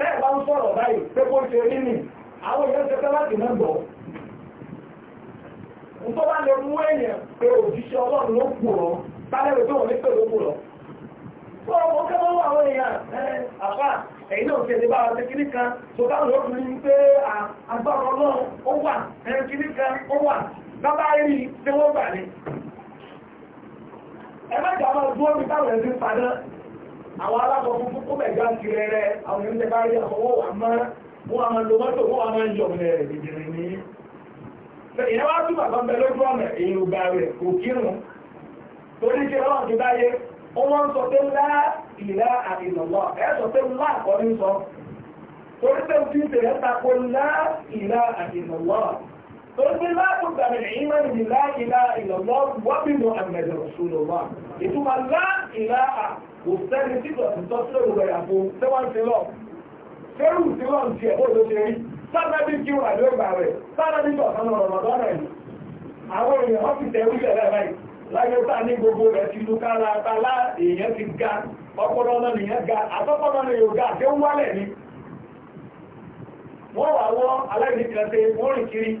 tẹ́ẹ̀bá ń sọ̀rọ̀ báyìí pé kó ṣe rí nì àwọn èèyàn ṣe fẹ́ láti náà gbọ́ nǹkan bá lè mú pé òjíṣẹ́ ọlọ́run ló ọ́ tálẹ́rù tó wọ́n ní o àwọn èèyàn àfà ẹ̀yìn náà ṣe lè bá wa ṣe kan tó bá pé agbára ọlọ́run ó wà àwọn alákọ̀ọ́ fún kó mẹ̀gá ti rẹ̀rẹ̀ àwọn ẹ̀mí tẹ́bá rí àfọwọ́ wà máa wọ́n a máa lo mọ́tò wọ́n a máa ń yọ̀mìnà rẹ̀ dìdìrì ní ìyẹn wá túbà kan bẹ lójú ọ̀nà èyí ò gbà rẹ̀ kò kírun torí ṣe wọ́n ti báyé ó wọ́n sọ pé ńlá ìlà àìlọ́lọ́ ẹ sọ pé ńlá àkọ́ni sọ torí pé ó ti ń tẹ̀lé tako ńlá ìlà àìlọ́lọ́ torí lábùdà ní ìmánì ní láìlá ìlọ́lọ́ wọ́bí Muhammad Rasulullah itu láìlá kò sẹ́ni títọ̀ títọ́ tí ó rẹ̀ àpò tẹ́wọ́n ti lọ fẹ́rù tí wọ́n ti ẹ̀kọ́ ló ṣe rí sábẹ́bí ọsọ wọ́n àdó ìgbà rẹ̀ ti ti ga ni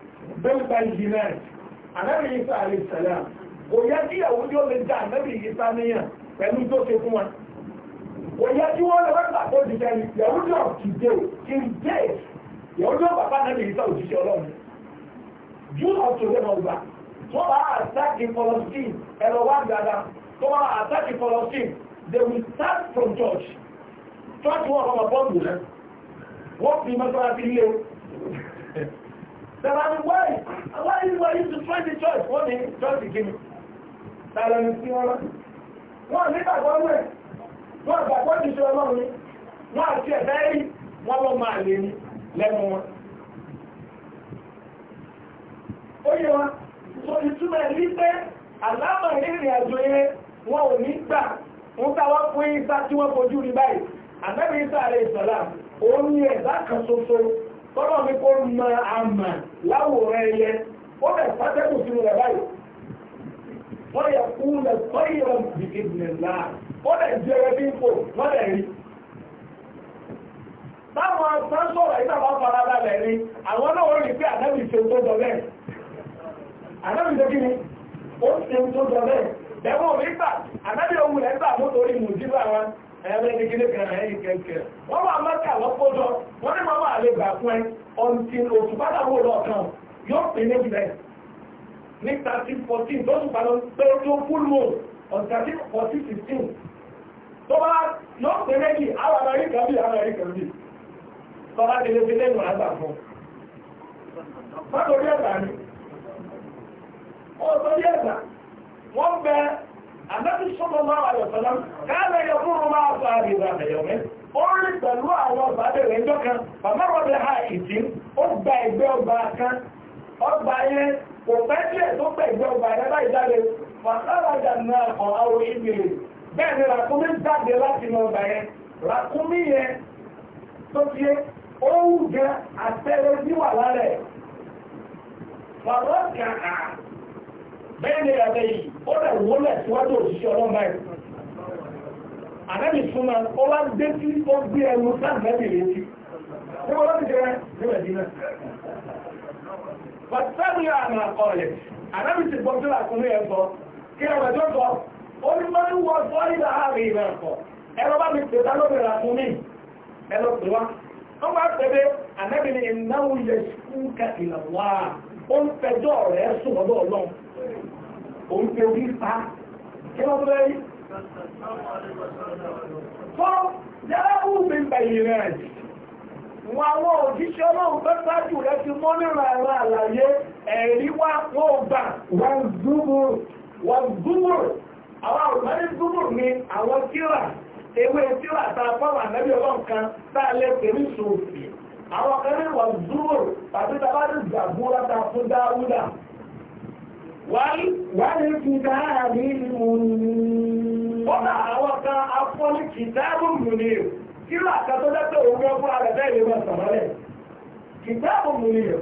بالبينات ànábì Ìsá alayhi salam kò yẹ kí Yàhúdí ó lè dá ànábì Ìsá níyàn pẹ̀lú tó ṣe fún wọn kò yẹ kí wọ́n lọ wẹ́pà tó ti jẹni Yàhúdí of today in days Yàhúdí ó bàbá ànábì Ìsá òṣìṣẹ́ ọlọ́run Jews of today náà gbà tó bá àtàkì Palestine ẹ̀rọ wá dáadáa tó bá àtàkì Palestine they will start from church church wọn ọmọ bọ́ọ̀lù rẹ wọ́n fi mọ́tò That They were why? Why is why you to find the church? Wọ́n ní church kìíní. Tààrà ní sí wọn náà. one? nígbàgbọ́ mẹ́. Wọ́n àgbàgbọ́ ti ṣe ọlọ́run ní. Wọ́n àti ẹ̀fẹ́ rí wọ́n lọ máa lè ní lẹ́nu wọn. Ó yẹ wọn, so you ìtumọ̀ ẹ̀ ní pé àlámọ̀ ìrìn àjò yẹn wọn ò ní gbà ń táwọ́ fún ìgbà tí wọ́n fojú rí báyìí. Àbẹ́bí ìgbà rẹ̀ ìsọ̀lá, òun ni ẹ̀dá kan ṣoṣo tọ́lọ́ ní kó mọ àmà láwòrán ẹyẹ ó bẹ̀ pátákù sínú rẹ̀ báyìí wọ́n yẹ kú lẹ̀ tọ́yọ̀ bìkìbìnìlá ó bẹ̀ jẹ́ ẹ bí kò wọ́n lẹ̀ rí táwọn asán sọ̀rọ̀ yìí náà wọ́n fara balẹ̀ rí àwọn náà rí pé àdábì ṣe tó jọ bẹ́ẹ̀ àdábì ṣe kí ni ó ṣe tó jọ bẹ́ẹ̀ bẹ́ẹ̀ wọ́n rí gbà àdábì òun rẹ̀ gbà mọ́tò orí mùsílù àwọn ẹ̀rẹ́ ní gílé kan ẹ̀yìn kẹ́kẹ́ wọ́n máa mẹ́ta lọ́pọ̀jọ́ wọ́n ní màmá àlè gbà fún ẹ ọ̀ntì òtù bá dàwó lọ́ọ̀kan yóò pè ní ìlẹ̀ ní thirteen fourteen tó tún padà pé tó full moon on thirteen fourteen fifteen tó bá yóò pè méjì àwọn adarí kan bí àwọn adarí kan bí tọ́lá ti lè fi lẹ́nu àgbà fún un. wọ́n tó bí ẹ̀gbà ni wọ́n tó bí ẹ̀gbà wọ́n bẹ النبي صلى الله عليه وسلم كان يمر مع أصحابه ذات يوم orí pẹ̀lú àwọn ọ̀bàdé rẹ̀ jọ kan bàbáwọ̀ bẹ ha ìtì ó gba ẹgbẹ́ ọba kan ọba yẹn kò pẹ́ díẹ̀ tó gbẹ ẹgbẹ́ ọba rẹ̀ báyìí jáde fàtàlàjà náà kọ̀ àwọn ìbìrì bẹ́ẹ̀ ni ràkúnmí jáde láti inú ọba yẹn ràkúnmí yẹn tó fi oúnjẹ àtẹrẹ níwà lálẹ́ fàlọ́kà bẹ́ẹ̀ ni ẹ̀rẹ́ yìí ó rẹ̀ wọlé síwájú òṣìṣẹ́ ọlọ́mọ ẹ̀ àdábì súnmọ́ ó wá dé tí ó gbé ẹnu sáàmẹ́bì létí tí wọ́n lọ́dún jẹ́ níbẹ̀ dínà pàtàkì àmà ọ̀lẹ̀ àdábì ti gbọ́ sílá kún ní ẹ̀kọ́ kí ẹ̀rọ tó kọ́ ó ní wọ́n ń wọ sọ bá mi pèta lóbìnrin àkún mi ẹ̀rọ pè ó ń pẹjọ́ rẹ̀ sùn ọlọ́run onu pé orí pa kí ló dé fọ́ yàrá mi rẹ̀ wọn àwọn òjíṣẹ́ ọlọ́run tó sáájú rẹ̀ ti mọ́ nílò àwọn àlàyé ẹ̀rí wá wọ́n gbà wọ́n wọ́n àwọn ni àwọn kíra ewé tíra ta fọ́wà nẹ́bí ọlọ́run kan tá a lè pè sòfì àwọn kan ní wọ́n والكتاب المنير وما أعوك أفضل كتاب منير كلا كتبت أمك على ذلك ما سمعت كتاب منير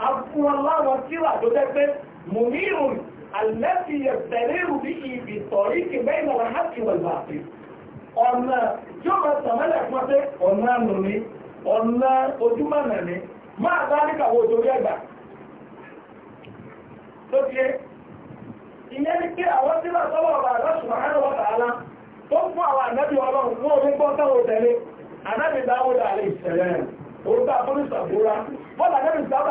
أفضل الله وكلا كتبت منير التي يبتلير به في الطريق بين الحق والباطل ọ̀nà yóò máa tàmẹ́lẹ̀ fún ọdẹ ọ̀nà ànú ni ọ̀nà ojúmọ̀nà ni máa bá níkàwọ́ òjòrí ẹgbàá tó jẹ́ ìyẹn ni pé àwọn tí sọ́wọ́ ọba àlọ́sùn na wọ́n tààlá tó ń fún àwọn ànábì ọlọ́run fún orí gbọ́ sọ́wọ́ tẹ̀lé ànábì dáwọ́ lè ṣẹlẹ̀ orúkọ àfúnni sàbúrà bọ́ọ̀lù ànábì sábà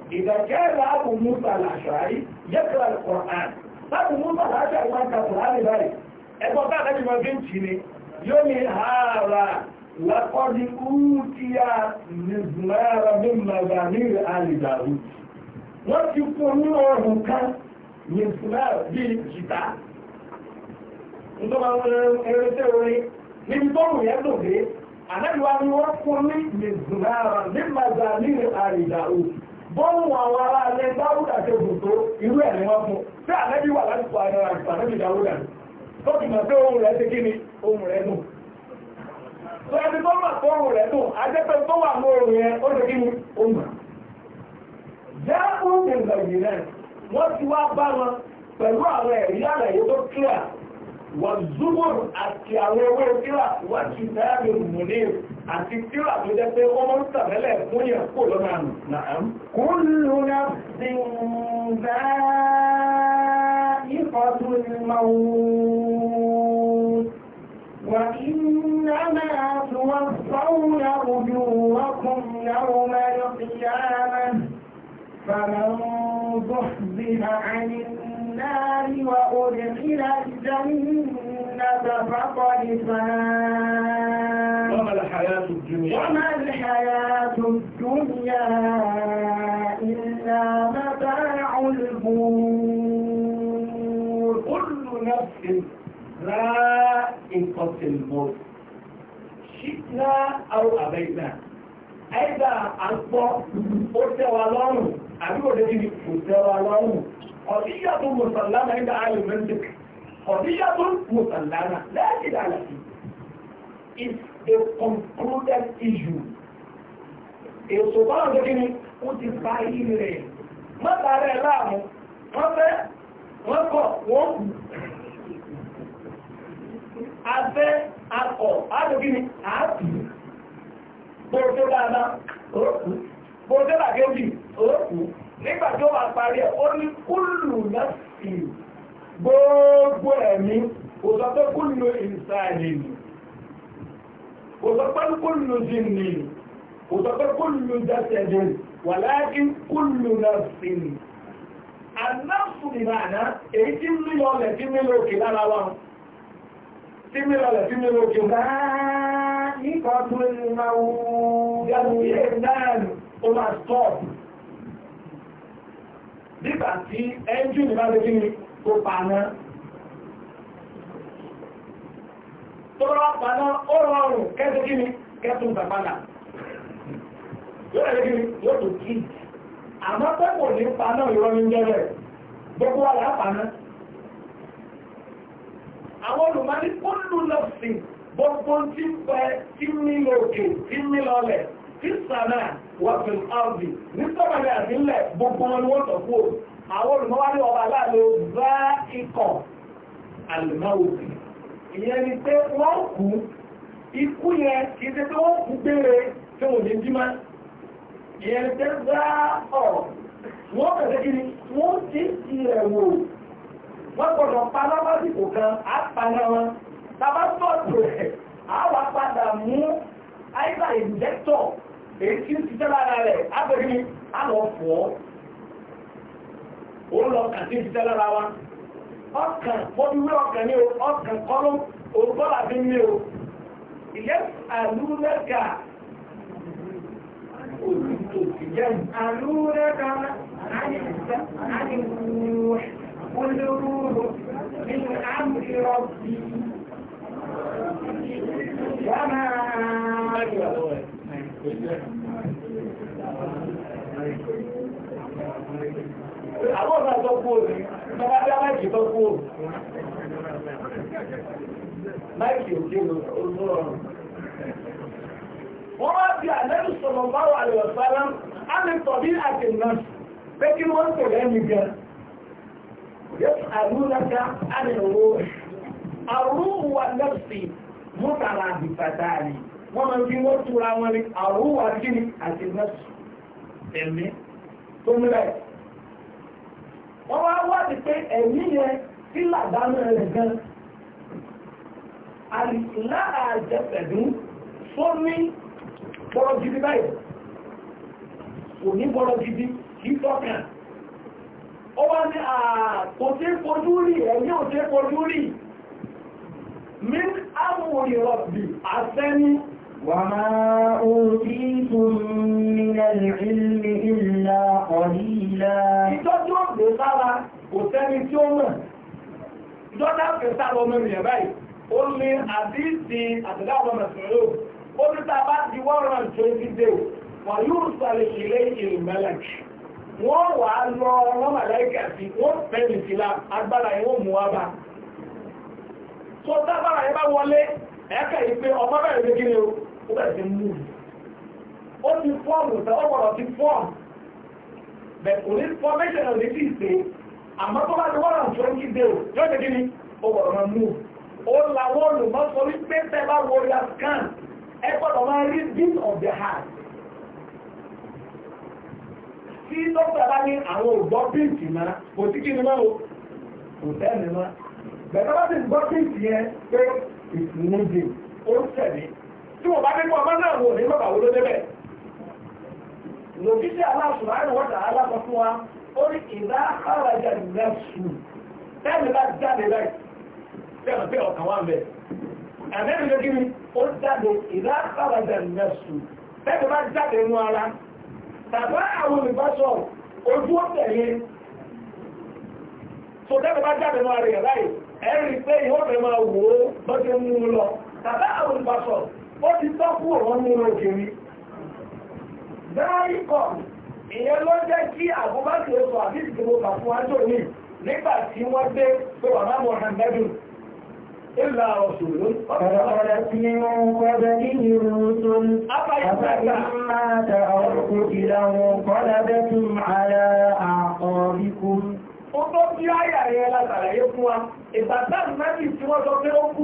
إذا كان أبو موسى الأشعري يقرأ القرآن أبو موسى الأشعري ما كان القرآن ذلك ẹgbọ́n bá àgbẹ́jì mọ̀ bí ń kì ní yóò ní ààrà lápọ́dí útíyà nìzùmára bí màgbà ní àlìdàrú wọ́n ti fún ní ọrùn kan nìzùmára bí jìtá nígbà wọn ẹrẹsẹ orin níbi tó rùn yẹn lòdì àdájúwa ni wọ́n fún ní nìzùmára bí màgbà ní àlìdàrú bọ́ọ̀mù àwọn ará alẹ́ dáwúdà ṣe gùn tó irú ẹ̀ ni wọ́n fún tí àlẹ́bí wà lásìkò àìrà ìpàdébì dáwúdà tó ti mọ̀ pé ohun rẹ̀ ti kí ni ohun rẹ̀ nù tó ẹni tó mọ̀ ohun rẹ̀ nù ajẹ́pẹ́ tó wà mọ́ ohun yẹn ó ti ohun jẹ́ náà wọ́n ti wá bá wọn pẹ̀lú àwọn ẹ̀rí àlàyé tó kíra wọ́n àti àwọn àti tíra tó jẹ́ pé wọ́n mọ́n tàbẹ́lẹ̀ fún yẹn kò lọ́nà nàám. Kullu nafsin dha'iqatul mawt. Wa innama tuwaffawna ujurakum النار وأدخل الجنة فقد فاز وما الحياة الدنيا وما الحياة الدنيا إلا متاع الغرور كل نفس رائقة الموت شئنا أو أبينا أيضا أصبح أتوى لهم أبي ودي أتوى لهم قضية مسلمة عند أهل المنطق قضية مسلمة لا أجد على فيه is a concluded issue èso bá ọjọ́ kí ni ó ti bá ilé rẹ̀ mọ́ta rẹ̀ láàmú wọ́n fẹ́ wọ́n kọ̀ wọ́n kù afẹ́ akọ̀ ájọ́ kí ni àápù bóòtẹ́ dáadáa ó kù bóòtẹ́ làkejì ó kù nígbà tó wà parí ẹ̀ ó ní kúlù nafsi gbogbo ẹ̀mí kò sọ pé kúlù ìsáàlì ni kò sọ pé kúlù jinni kò sọ pé kúlù jasadin walakin kúlù nafsi ni anáfù ìlànà èyí tí ń lọ lẹ̀ tí mílò òkè lára wa tí mílò lẹ̀ tí mílò òkè bá nípa tó ń náwó yàtọ̀ nígbà tí ẹ́ńjìnì bá dékí ni tó paná tó rọ́ paná ó rọrùn kẹ́sìkí ni kẹ́tùn tàpánà yóò rẹ̀ dékí ni yóò tó kí àmọ́ pẹ́pọ̀ ní paná ìrọ́ ní jẹ́rẹ̀ gbogbo wà lápaná àwọn olùmọ́ ní kó lù lọ́sìn gbogbo tí ń tí ń mí lòkè tí ń mí lọlẹ̀ ìsànà wọ̀fìn ọ̀bì ní sọ́mọ̀lẹ̀ àbílẹ̀ gbogbo wọn ni wọ́n tọ̀ kú àwọn olùmọ́wárí ọba aláàlẹ́ bá ikọ̀ àlùmọ́wòsì ìyẹn ni pé wọ́n kú ikú yẹn kì í ṣe pé wọ́n kú gbére tí wọ́n ní jímá ìyẹn ni pé bá ọ̀ wọ́n kẹ̀kẹ́ kí ni wọ́n ti ti rẹ̀ wò wọ́n gbọ́dọ̀ pa lọ́wọ́sìkò kan á wọn tábà sọ́ọ̀tù rẹ̀ á padà mú àìsàn ìdíjẹ́tọ̀ èyí tí ó ti tẹ́ lára rẹ̀ ábẹ̀rí ni a lọ fọ́ ó lọ kà sí ti tẹ́ lára wa ọkàn bọ́dú wé ọkàn ní o ọkàn kọ́lọ́ orúkọ́lá bí ní o ilẹ̀ àlúrẹ́gà àlúrẹ́gà ánìwò olóró nínú àmì rọ̀bì wọ́n máa àwọn ọ̀nà tó kú òní bàbá dá máìkì tó kú òní máìkì òkè olórọ̀rùn wọ́n wá bí àlẹ́rù sọ̀rọ̀ báwọ̀ àlẹ́wọ̀sára á lè tọ̀ bí àti náà pé kí wọ́n tò lẹ́nu gan yóò àlúlaka àlẹ́rù àrùn wà lọ́sì mú tàrà àdìfàdà yìí wọ́n máa fi wọ́n tura wọn ní àrùwà kíni àti nọ́ọ̀sì ẹ̀mí tó múlẹ̀. wọ́n wá wádìí pé ẹ̀mí yẹn sí làdánù rẹ̀ gan. àlìkùnlá àjẹpẹ̀dún sómi bọ́rọ̀ gidi báyìí kò ní bọ́rọ̀ gidi kì í tọ́kàn ó wá ní àkò tí fojú rí ẹ̀yẹ́ ò tí fojú rí min amòrì rọ̀bì àtẹ́ni وما أوتيتم من العلم إلا قليلا ìtọ́jú òpè sára kò sẹ́ni tí ó mọ̀ ìjọ́dá òpè sára ọmọ ènìyàn báyìí ó ní àdíìsì àtẹ̀dá ọmọ mẹ̀sìnlẹ̀ ó ní tá a bá di one hundred and twenty days wà yóò sàlẹ̀ ilé ìlú mẹ́lẹ̀kì wọ́n wà á lọ wọ́n màláìkà sí wọ́n fẹ́ẹ̀lì síla agbára yẹn wọ́n mú wá bá tó tábàrà yẹn bá wọlé ẹ̀ẹ́kẹ̀ yìí pé ọmọ bẹ̀rẹ̀ ní kí ni o ó bẹ̀rẹ̀ sí mú ó ti fọ́ọ̀mù tẹ ọ̀pọ̀lọ̀ ti fọ́ọ̀mù bẹ̀ kò ní fọ́mẹ́ṣẹ̀ náà létí ìpè àmọ́ tó bá ti wọ́n náà tó ń kí dé o yóò ṣe kí ni ó gbọ́dọ̀ máa mú ó làwọn olùmọ̀ sọ wípé tẹ́ bá wo ya scan ẹ gbọ́dọ̀ máa rí beat of the heart tí dókítà bá ní àwọn ògbọ́ bíìtì náà kò sí kí ni máa o kò sẹ́ni máa bẹ̀rẹ̀ bá ti gbọ́ bíìtì yẹn pé ìfúnnúdì ó tẹ̀lé tí wọ́n bá dẹ́kọ̀ ọmọ náà wò ní bàbá wo ló débẹ̀. lòdìsí aláṣù láàrin wọ́n tàá lápá fún wa ó ní ìlà àwàjà nẹ́sù tẹ́lẹ̀ bá jáde láì tẹ́lẹ̀ pé ọ̀kan wà mẹ́ ẹ̀mẹ́rin ló kíni ó jáde ìlà àwàjà nẹ́sù tẹ́lẹ̀ bá jáde nú ara tàbí àwọn olùbáṣọ ojú ó tẹ̀lé tó tẹ́lẹ̀ bá jáde nú ara yẹ̀ láì ẹ̀rí pé ìhọ́fẹ́ máa wò ó bọ́jẹ́ mú lọ tàbí àwọn olùbáṣọ ó ti tọ́kù òun nínú òkèrè dáríkọ̀ ìyẹn ló jẹ́ kí àbúbákì oṣù àti ìdìbò kàfún ájò ní nígbà tí wọ́n gbé pé wà mọ̀ hàndẹ́dùn ìlà ọ̀sùn ló Ó tó bí áyà rẹ̀ látàrà yé fún wa, ìgbàtà ìmájì tí wọ́n sọ pé ó kú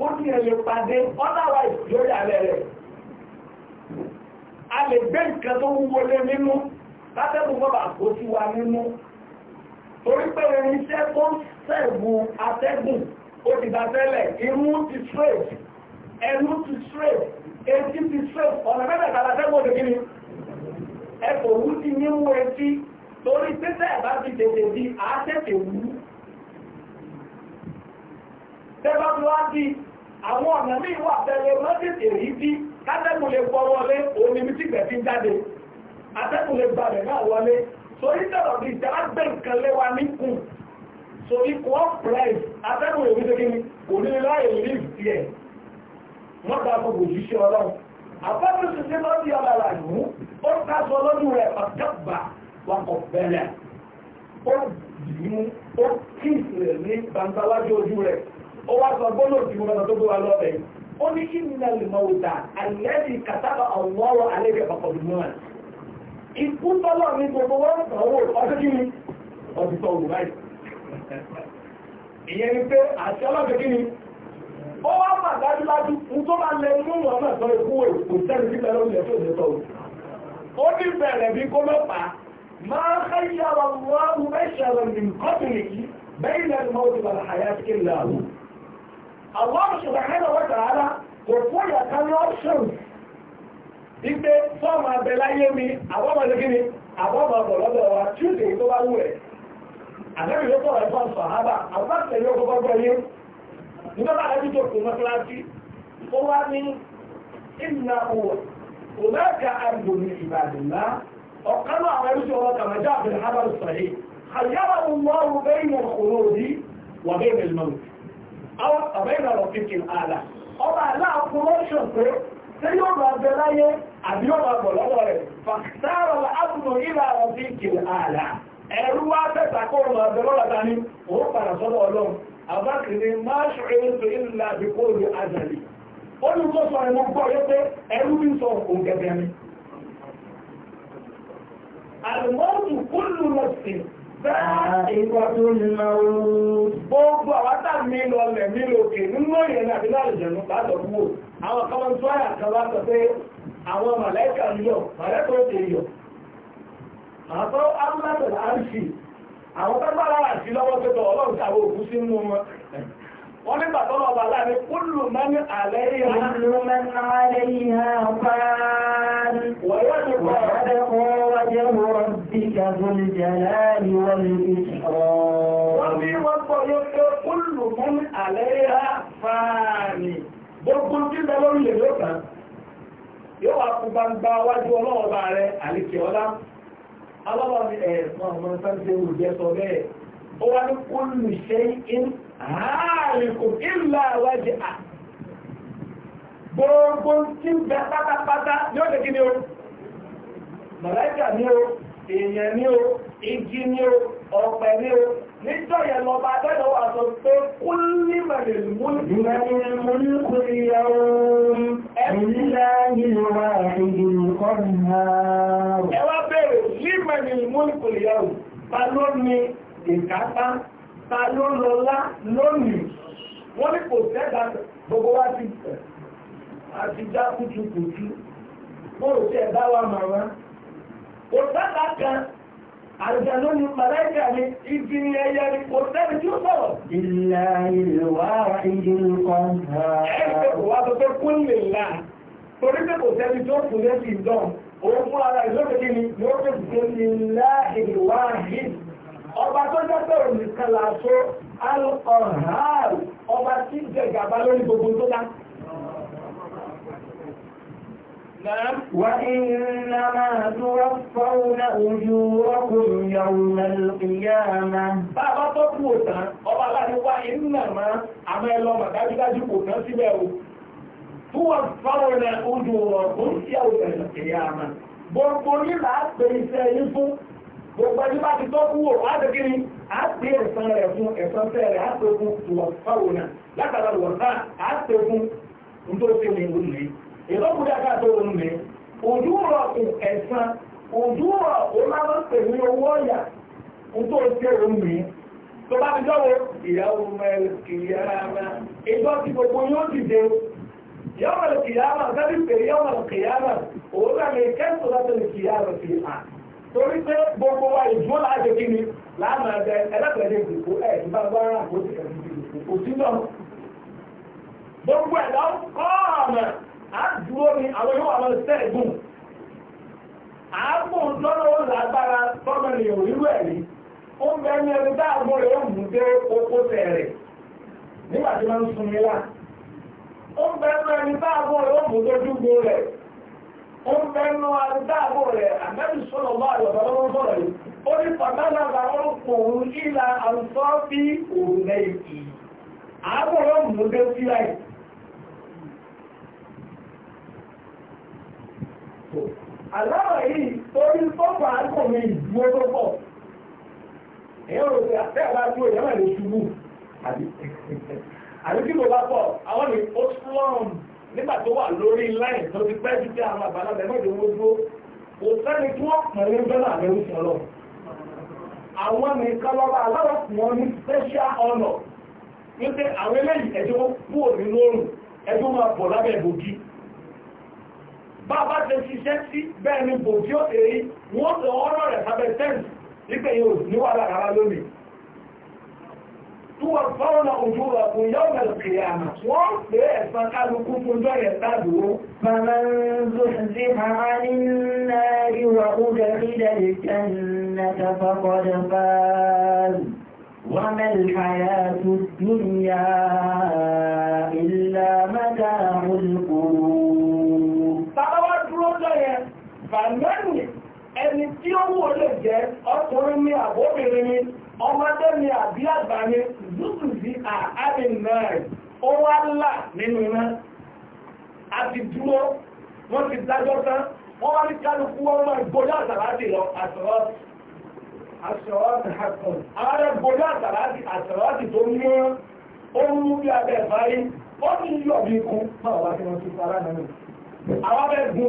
ó ní ẹ̀lẹ̀ pàdé otherwise yóò yà lẹ́rẹ̀ a lè gbé nǹkan tó wúwo lé nínú látẹ́kùn bọ́bà kó sí wa nínú torí pé irinṣẹ́ tó ń sẹ́gun atẹ́gùn ó ti dá tẹ́lẹ̀ imú ti straight ẹnu ti straight etí ti straight ọ̀nà mẹ́tẹ̀ẹ̀ta látẹ́gùn òdì kíni ẹ̀kọ́ wú ti nímú etí torí pẹ́tẹ́ ẹ̀bá ti tètè di àátẹ́tẹ̀ wú tẹ́bá tó wá di àwọn ọ̀nà míì wà tẹ́lẹ̀ mọ́tètè rí bí kátẹ́kùn lè pọ̀ wọlé omi bí tìgbẹ̀ fi jáde atẹ́kùn lè gba rẹ̀ náà wọlé torí tẹ̀rọ̀ bí ìjọba gbé nǹkan lé wa níkùn so ikú ọ̀pẹ́rẹ́ atẹ́kùn lè fi ṣe kíni kò ní láyé rí tiẹ̀ wọ́n gba gbogbo òṣìṣẹ́ ọlọ́run àbẹ́bí ṣiṣẹ́ lọ́dí ọ̀làlà ìlú ó ká sọ lọ́dún rẹ̀ ọ̀tẹ́gbà wakọ̀ bẹ̀rẹ̀ ó dì í mú ó kí ìsìlẹ̀ ní gbangba wájú ojú rẹ̀ ó wá sọ gbọ́nà òsì mo lọ́nà tó gbé wa lọ́bẹ̀ ó ní kí ni lè mọ òdà àlẹ́bí kàtàkà ọ̀wọ́rọ̀ àlẹ́bí ọ̀pọ̀ ìgbìmọ̀ ikú tọ́lọ̀ ní gbogbo wọn sàn owó ọdún kí ni ọdún sọ òwúrọ̀ báyìí ìyẹn ni pé àti ọlọ́dún kí ni ó wá mà dájúdájú fún tó bá lẹ mú wọn náà sọ ikú wò kò sẹ́ni sí bẹ̀rẹ̀ oúnjẹ tó ṣe tọ́wọ́ ó ní bẹ̀rẹ̀ bí kó mẹ́pàá máa ń wọ́n mẹ́ṣẹ̀rẹ̀ nìkan tó lè yí bẹ́ẹ̀ lẹ́nu mọ́ àwọn subhanahu wa ta'ala kò fún ìyàká ní ọ́ṣùn wípé fọ́ọ̀mù abẹ́láyé mi àwọn ọmọdé gíní àwọn ọmọ ọ̀pọ̀lọ́dọ̀ wa tíúdé tó bá wù ẹ̀ àlẹ́bí ló kọ̀ ẹ̀fọ́n sọ̀hábà àwọn àwọn ọ̀rẹ́ ìrọ̀rọ̀ fífi ààlà ọba aláàkún lọ́ṣọ̀ pé tí yóò bá bẹ láyé àbí yóò bá bọ̀ lọ́wọ́ rẹ̀ fàtàrọ̀ àbùnú ìlà ọ̀rọ̀ fífi ààlà ẹ̀rú wá bẹ́ta kó ọmọ ọ̀bẹ lọ́wọ́ ta ni ó padà sọ́dọ̀ ọlọ́run àbákiri máa ṣùgbọ́n tó Ìgbàtò ìlàrùn. Gbogbo àwátà mi lọ lẹ̀ nílò òkè nínú òyìn náà nílò àrìjẹ̀nù pàtàkì wò. Àwọn kan tó àyà kan sọ pé àwọn màlẹ́kà yọ, màlẹ́kà yọ. àwọn tó bá lára sí tó wọ́n nígbà tọ́lọ̀ ọba láàrin kúlù mẹ́ni àlẹ́ ìhà kúlù mẹ́ni àlẹ́ ìhà fáàn wọ́yọ́dẹ̀ kọ́ wájẹ́ wọ́n bí kàzọ́lì jẹ́láàrí wọ́n ní ìṣọ́ wọ́n bí wọ́n gbọ́ yóò pé kúlù mẹ́ni àlẹ́ ìhà fáàn gbogbo tí lọ lórí lè lóta yóò wá kú gbangba wájú ọlọ́ọ̀ba sọ bẹ́ẹ̀ ó wá ní kúlù ṣe ń ààrìnkùn ìlà àwájẹ́ à gbogbo tí bẹ pátápátá yóò lè kí ni o màláìkà ni o èèyàn ni o igi ni o ọ̀pẹ ni o níjọ́ yẹn lọ bá dẹ́lọ wà sọ pé kú ní mẹ̀lẹ̀ múlùkù mẹ̀lẹ̀ múlùkù ìyàwó ẹ̀mílá ìlúwà ìgbìmọ̀kọ́ ìhàrù ẹwà bẹ̀rẹ̀ ní mẹ̀lẹ̀ múlùkù ìyàwó ta ló lọ́lá lónìí wọ́n ní kò tẹ́gbà gbogbo wá ti tẹ̀ àti já kútukùtù bóòrò tí ẹ̀dá wa mà wá kò tẹ́gbà kan àrùjá lónìí màláìkà ni igi ni ẹyẹ ni kò tẹ́gbà tí ó sọ̀rọ̀. ìlà ìlúwà ìdí nǹkan ha. ẹ ṣe kò wá tó tó kún lè la torí pé kò tẹ́gbà tó kù lẹ́sìn dán òun fún ara ìlú òkè ni yóò fèsì tó ní ìlà ìlúwà ìdí ọba tó jẹ́ pé òní kan là tó alcohol ọba tí jẹ gàba lórí gbogbo tó dá. وإنما توفون أجوركم يوم القيامة Bàbá tó kú òtàn, ọba kò tán síbẹ̀ o. Tuwaffauna أجوركم يوم القيامة. iṣẹ́ yín fún gbogbo ẹni bá ti tó kúrò látàkì ni a ti ẹ̀sán rẹ̀ fún ẹ̀sán tẹ́ rẹ̀ á tó fún ìwọ̀nfáwọ̀nà látara wọ̀nfá á tó fún ntòsí ní ìlú mi ìlọ́kùnrin àti àti òun mi ojú rọ̀ ẹ̀sán ojú rọ̀ ó máa ń pè ní owó ọ̀yà ntòsí òun mi tó bá ti dọ́wọ́ ìyàwó mẹ́lìkìyàmá ìjọ ti gbogbo yóò dìde yọ́mọ̀lìkìyàmá sábì pè yọ́mọ̀lìkìyàmá òun náà lè kẹ́sùn látọ̀lìkìyàmá fi hàn torí pé gbogbo wa ìdúró láti kí ni ẹgbẹ́ ẹlẹ́pẹ̀lẹ́ ìdìbò ẹ̀ nígbà gbọ́dọ̀ òsì náà. gbogbo ẹ̀ lọ kọ́ ọ̀nà ni àwọn yóò wà lọ sí ẹ̀gùn. lọ́nà ó lágbára ni ẹ̀ ní. ó ń ní rẹ̀ ó mú dé oko tẹ̀rẹ̀ nígbà tí wọ́n ń sun o ń bẹ́nu àdáàbò rẹ̀ àmẹ́bí wà lọ́dọ̀ lọ́wọ́ yìí ó ní pàtàkì àwọn òun ìlà àrùsọ́ bí òun lẹ́yìn kì í sí láì aláwọ̀ yìí torí fọ́pọ̀ àgbọ̀n mi tó pọ̀ rò àtẹ́ ṣubú àbí [LAUGHS] nígbà tó wà lórí láì tó ti pẹ́ títí àwọn àgbàlagbà mẹ́jọ wọ́n dúró kò sẹ́ni tí wọ́n pọ̀ ní bẹ́ẹ̀ náà lẹ́rú sí ọlọ́run àwọn nìkan lọ́wọ́ aláwọ̀ wọn ní special honour wípé àwọn eléyìí ẹjọ́ kúrò ní lórùn ẹjọ́ máa bọ̀ lábẹ́ bògì bá a bá ti ṣiṣẹ́ sí bẹ́ẹ̀ ni bògì ó èyí wọ́n sọ ọ́nà rẹ̀ sábẹ́ tẹ́ǹsì wípé yóò níwà lára lónìí توفون أجوركم يوم القيامة فقد كنتم تعتدوا فمن زحزح عن النار وأدخل الجنة فقد فاز وما الحياة الدنيا إلا متاع القلوب فمن ẹni tí ó wò lè jẹ́ ọkùnrin ni àbóbìnrin ni ọmọdé ni àbí àgbà ni zùtù sí àádìn náà ó wá là nínú iná a ti dúró wọ́n ti dájọ́ tán wọ́n wá ní kálukú wọn máa gbójú àtàlájì lọ àtọ̀rọ̀tì àtọ̀rọ̀tì àtọ̀rọ̀tì àwọn ẹgbẹ́ gbójú àtàlájì àtọ̀rọ̀tì tó mú ó mú bí abẹ́ ìfáyé ó ti yọ̀ bí ikú máa wá sí wọn ti fara náà àwọn abẹ́ gún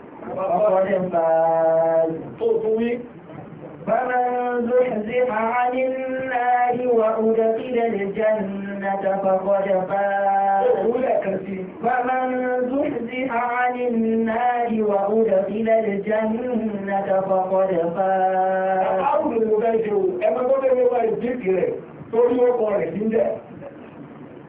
فقد فاز تطوي فمن زحزح عن النار وأدخل الجنة فقد فاز فمن زحزح عن النار وأدخل الجنة فقد فاز أعوذ بالله أما قد يبقى الذكر تقول له قارئ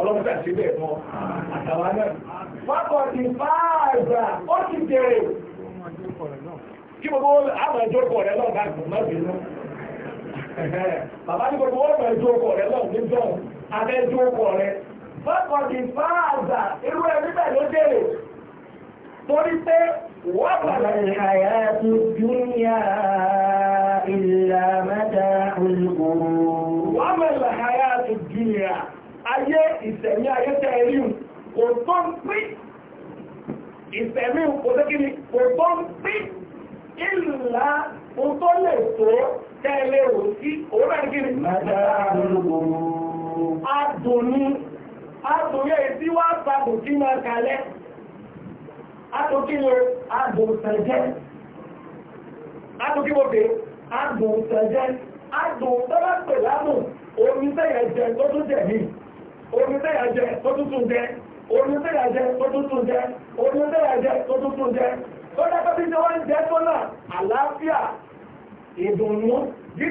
ọlọ́pàá ti bẹ́ẹ̀ mọ́ àtàwọn náà wákọ̀ ti fáàgbà ó ti tèrè kí gbogbo àwọn ẹjọ́ kọ̀ rẹ̀ lọ́gbà mọ́bìnú bàbá ní gbogbo ọmọ ẹjọ́ kọ̀ rẹ̀ lọ́gbà jọun abẹ́jọ́ kọ̀ rẹ̀ wákọ̀ ti fáàgbà irú ẹ̀ níbẹ̀ ló tèrè torí pé wọ́pàá ìhàyà tó dúnyà ìlàmẹ́ta olùkòrò wọ́pàá ìhàyà tó dúnyà ayé ìsẹ̀mí ayé tẹ́ẹ̀rí kò tó ń pín ìsẹ̀mí kò tó kí ni kò tó ń pín ìlà kò tó lè tó tẹ́ẹ̀lé ò sí òwúrẹ̀ kí ni adùnní adùnní èyí tí wá sàbò kí máa kalẹ̀ adùnkí ni adùnsẹ̀jẹ́ adùnkí adùn tọ́lá omi tẹ́yẹ̀ tó tó jẹ̀ mí omi tẹ́yà jẹ tó tuntun jẹ omi tẹ́yà jẹ tó tuntun jẹ omi tẹ́yà jẹ tó tuntun jẹ ó dákọ́ bí tí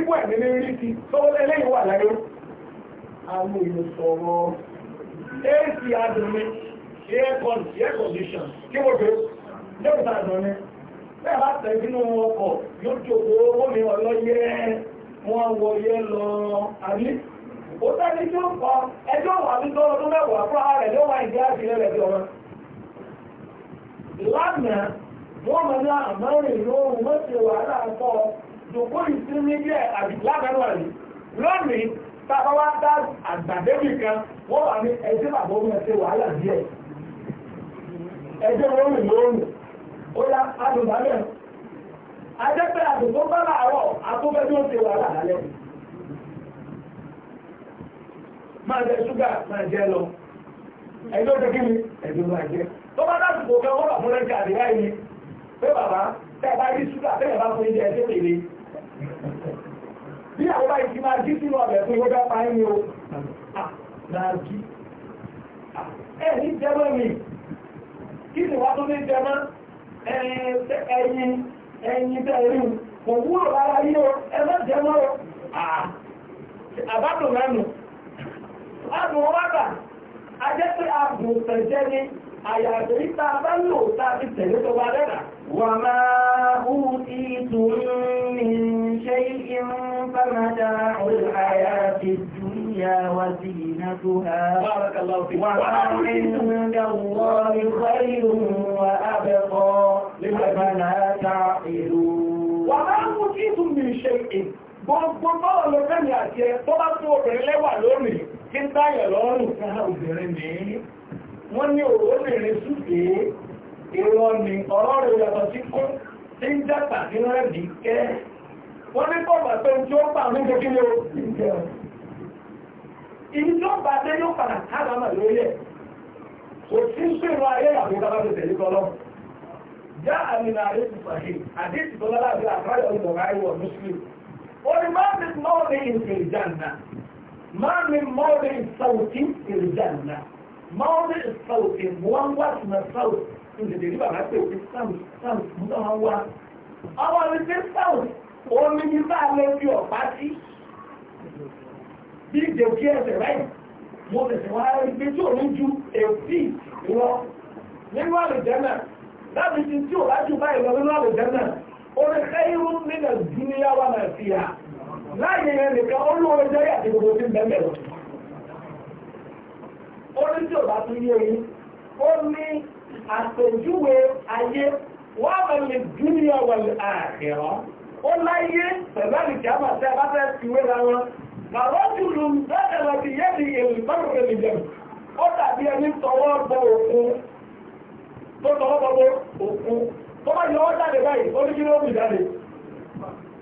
wọ́n ti tó lẹ́lẹ́yìn wà láyé àwọn ìlú sọ̀rọ̀ ac adùnmi air condition kí mo pè é lóòótọ́ adùnmi bẹ́ẹ̀ bá tẹ̀ sínú ọkọ̀ yóò jókòó ó mi wọ́n lọ yẹ́ wọ́n wọ yẹ́ lọ àbí kò sẹ́ni tí ó kọ ẹjọ́ wà ní tọ́lọ́ tó mẹ́wàá fún ara ló wà ìdí àṣírí rẹ̀ bí ọmọ. lánàá wọ́n mọ̀ ní àmọ́rin ti wàhálà kọ́ jòkó ìsinmi díẹ̀ àbí lónìí wá dá àgbàdébì kan ní bàbá omi wàhálà ó yá ajẹ́pẹ́ bá láàárọ̀ wàhálà máa jẹ ṣúgà máa jẹ lọ ẹjọ́ jẹ kí ni ẹjọ́ máa jẹ tó bá lásìkò kan wọ́n wà fún lẹ́ńkà àdéhà yìí pé bàbá tẹ́ bá rí ṣúgà tẹ́ bá fún ilé ẹjẹ́ pèlè bí àwọn bá ìsìn máa jí sínú ọ̀bẹ̀ fún ìwé dápá ń yóò máa jí ẹ̀ ní jẹ́mọ́ mi kí ni wá tó ní jẹ́mọ́ ẹ̀yìn ẹ̀yìn tẹ̀rín kò wúrò lára yíò ẹ̀mọ́ àbádùn mẹ́nu adùn wá bà á jẹ́ pé adùn tẹ̀jẹ́ ni àyàgbé tá a bá lò tá a fi tẹ̀lé tó bá dẹ́nà. wà á máa hù tí tùmí ṣe irun fámadà olùhàyà ti dúnyà wá sí iná tó ha. wà á rìn dáwọ́ ìwé ìrùn wà á bẹ̀ kọ́ náà ta èrò. wà á hù tí tùmí ṣe irun gbogbo kí ń táyẹ̀ lọ́rùn fún obìnrin ní wọ́n ní òróbìnrin súté ìrọ̀ ni ọ̀rọ̀ rẹ̀ yàtọ̀ sí kún tí ń jàpà nínú ẹ̀bí kẹ́ wọ́n ní kọ̀ọ̀bà tó ń tí ó pà ní kékeré o ìdí tí ó bá dé yóò padà kábàámà lórí ẹ̀ kò sí ń pè wá ayé àbí bàbá tó tẹ̀lé kọ́ lọ́wọ́ já àmì náà àdé ti ما من موضع صوت في الجنة موضع الصوت موضع من الصوت níbi ìdílé bàbá pé òfin stamps stamps mú tó máa wá ọmọ mi ti stamps omi ní bá a lè fi ọ̀pá sí bí ìdè òkè ẹsẹ̀ báyìí mo tẹ̀sẹ̀ wá rí pé tí òun ju èpì lọ nínú àlùjẹ́nà láti ti tí òun bá ju láàyè yẹn nìkan ó lóore jẹ́ àti gbogbo tí mẹ́mẹ́ lọ. ó ní tí ò bá tún yé yín ó ní àpèjúwe ayé wọ́n á lè dúnyà wà lè àkẹ́rọ́ ó láyé pẹ̀lú àlìkí àmà tí a bá fẹ́ fi wé ra wọn. Bàbá jùlọ bẹ́ẹ̀ lọ sí yé ni èlù bẹ́ẹ̀ lè lè jẹun. Ó dàbí ẹni tọwọ́ bọ òkun. Tó tọwọ́ bọ òkun. Tó bá yọ ọ́ jáde báyìí, ó ní kí ló ń bì jáde.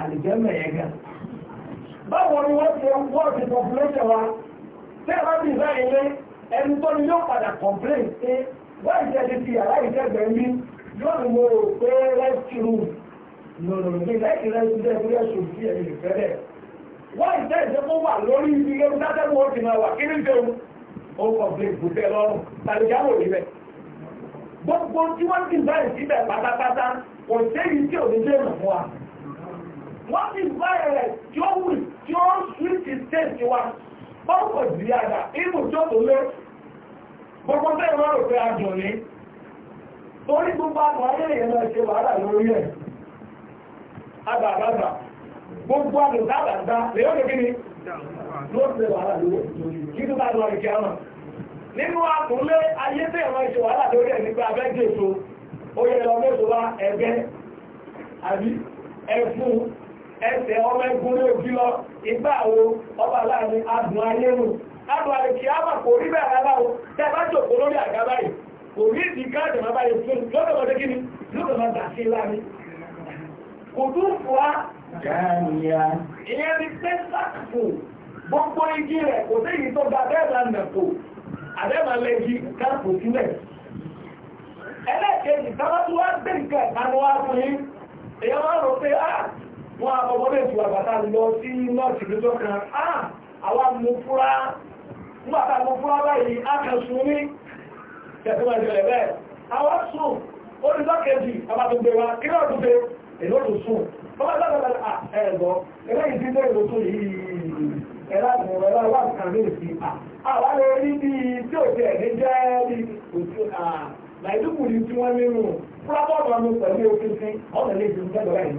àlìjẹ́mẹ̀ yẹn gan. báwo ni wọ́n ti wọ́ọ̀dì population wa tí a bá ti fẹ́ ilé ẹni tó ni yóò padà complain pé wọ́n ìjẹ́ ti fi yàrá ìjẹ́gbẹ̀ẹ́ mi yóò ní mo rò pé rescue room lòlòlòmí lẹ́yìn rescue room ẹgbẹ́ ṣòfin ẹ̀yìn ìfẹ́ rẹ̀ wọ́n ìjẹ́ ìjẹ́ kó wà lórí ibi ewu dátẹ́gùn ó ti máa wà kí ní jẹun ó complain kò tẹ́ lọ́rùn tàbíjáwò rí bẹ́ẹ̀ gbogbo tí wọ́n ti bẹ̀rẹ̀ síbẹ̀ pátápátá kò séyìí tí ò ní jẹ́ ìrànwọ́ wọ́n ti bá ẹ̀rẹ̀ tí ó wù tí ó ṣíkì stéèkì wa ọkọ̀ sí àdá ibù tó tó lé gbogbo bẹ́ẹ̀ wọ́n rò pé àjọ ní torí gbogbo àwọn ayé èèyàn náà ṣe wàhálà lórí ẹ̀ àgbàgbàgbà gbogbo àgbàgbà lèyọ́ lè kíni ló ṣe wàhálà lórí ẹ̀ kí tó bá lọ ìkẹ́ ọmọ nínú àkúnlé ayé bẹ́ẹ̀ wọ́n ṣe wàhálà lórí ẹ̀ nípa abẹ́jẹ̀ èso ó yẹ lọ mẹ́sọ̀ wá ẹgbẹ́ àbí ẹfún ẹsẹ̀ ọmọ ẹgbọ́n òbí lọ igbá àwo ọba láàrin adùn ayé nù adùn kò rí bẹ́ẹ̀ rárá o tẹ́ bá jòkó lórí àga báyìí kò rí ìdí káàdì máa báyìí fún lọ́dọ̀ kí ni lọ́dọ̀ máa dà sí láàrin kò tún fún wa ìyẹn ni pé sáàkù gbogbo igi rẹ̀ kò sí ga bẹ́ẹ̀ máa nà èèyàn máa rò pé ah, wọ́n àkọ́kọ́ lè tu àbàtà lọ sí nọ́ọ̀tì lójọ́ kan àwa mú fúra nígbà tá a mú fúra báyìí a kàn sùn ní tẹ̀síwá ìṣẹ̀lẹ̀ bẹ́ẹ̀ àwa sùn onídọ́ kejì àbàtúgbè wa kí náà tún pé èló tó sùn bọ́lá dáadáa ẹ̀gbọ́ eléyìí ti dé èló tó yìí ẹ̀rọ àgbọ̀nrọ̀ ẹ̀rọ wà kàmí òsì àwọn lè rí bí tí òsì ẹ̀dẹ́ jẹ́ bí òsì àà làìdúkù ní tí wọ́n nínú fúlábọ́ọ̀lù ọmọ pẹ̀lú òfin sí ọ̀nà lè dùn fẹ́ lọ́wọ́ yìí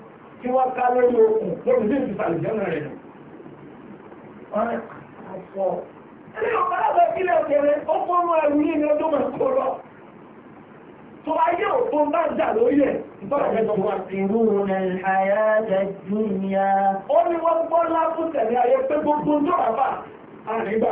tí wọ́n ká lórí okùn lórí bí ìfìfà lè jẹ́mọ̀ rẹ̀ nù. Ẹni ọ̀pá lábẹ́ ìpínlẹ̀ òkèèrè ó fọ́nmọ́ ẹrù yìí ni ọdún mọ̀ kó lọ. Tó ayé òfin bá jà lórí ẹ̀. Ìfọ̀rọ̀lẹ́gbọ̀n Ó ní wọ́n gbọ́ lápútẹ̀ ní ayé pé gbogbo ń dọ̀rọ̀ bá àrígbà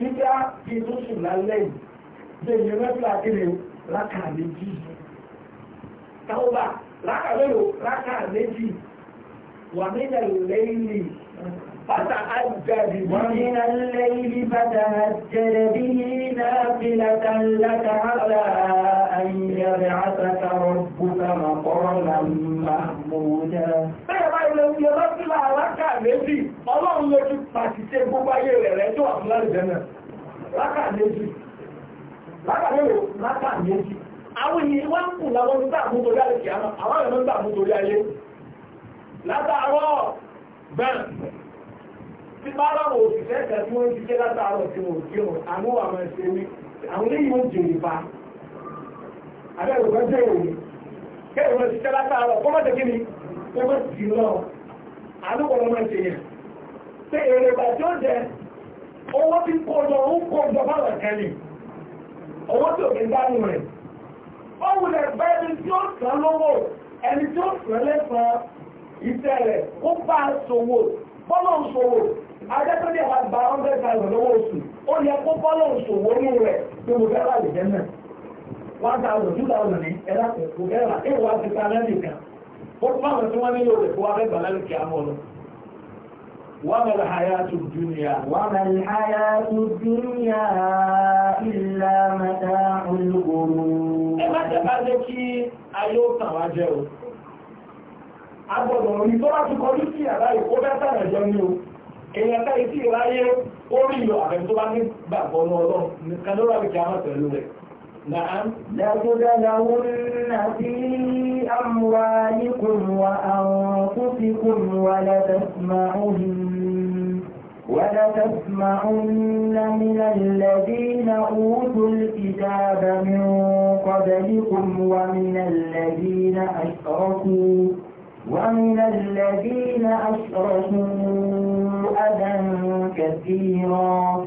nígbà kí tó sùn lálẹ́ yìí lè yẹ mẹ́fìlà kiri lákà méjì táwọ́bà lákà mélòó lákà méjì wà nílẹ̀ lẹ́yìn bàtà àjàdì wọ́n ní lẹ́yìn bàtà àjẹrẹ bí náà fi làkà lákà àlà àtàkà rọ̀ ṣe gbogbo ayé rẹ̀ rẹ̀ tó àfúlá ìjẹ lákà méjì lákà mélòó lákà méjì àwọn ènìyàn wọ́n ń kù láwọn ń gbà mú ayé kìá náà àwọn ènìyàn ń gbà ayé látàárọ̀ bẹ́ẹ̀ tí bá tí wọ́n látàárọ̀ tí wọn àwọn mi àwọn jèrè jẹ́ òní látàárọ̀ ni lọ pé èrè bàjẹ́ oúnjẹ owó tí kó lọ ń kó ìjọba rẹ̀ kẹ́lẹ̀ owó tí òkè dánú rẹ̀ ó wulẹ̀ bá ẹni tí ó sàn lówó ẹni tí ó sàn lẹ́sàn iṣẹ́ rẹ̀ ó bá a ṣòwò bọ́lọ̀ ń ṣòwò ajẹ́tọ́lẹ̀ wa gba hundred thousand lọ́wọ́ oṣù ó yẹ kó bọ́lọ̀ ń ṣòwò ní rẹ̀ tó mo fẹ́ rà jẹ́ náà one thousand two thousand ní ẹ̀rá kò fẹ́ rà èèwọ̀ àti sanẹ́ẹ̀lì kan ó tún àwọn tí wọ́n nílò rẹ̀ kó wá fẹ́ وما الحياة الدنيا وما الحياة الدنيا إلا متاع الغرور ẹ má jẹ́ká jẹ́ kí ayé ó tàn wá jẹ́ o agbọ̀dọ̀ orí tó bá ti نعم لتبلغن في أموالكم وأنفسكم ولتسمعن ولتسمعن من الذين أوتوا الكتاب من قبلكم ومن الذين أشركوا ومن الذين أشركوا أذى كثيرا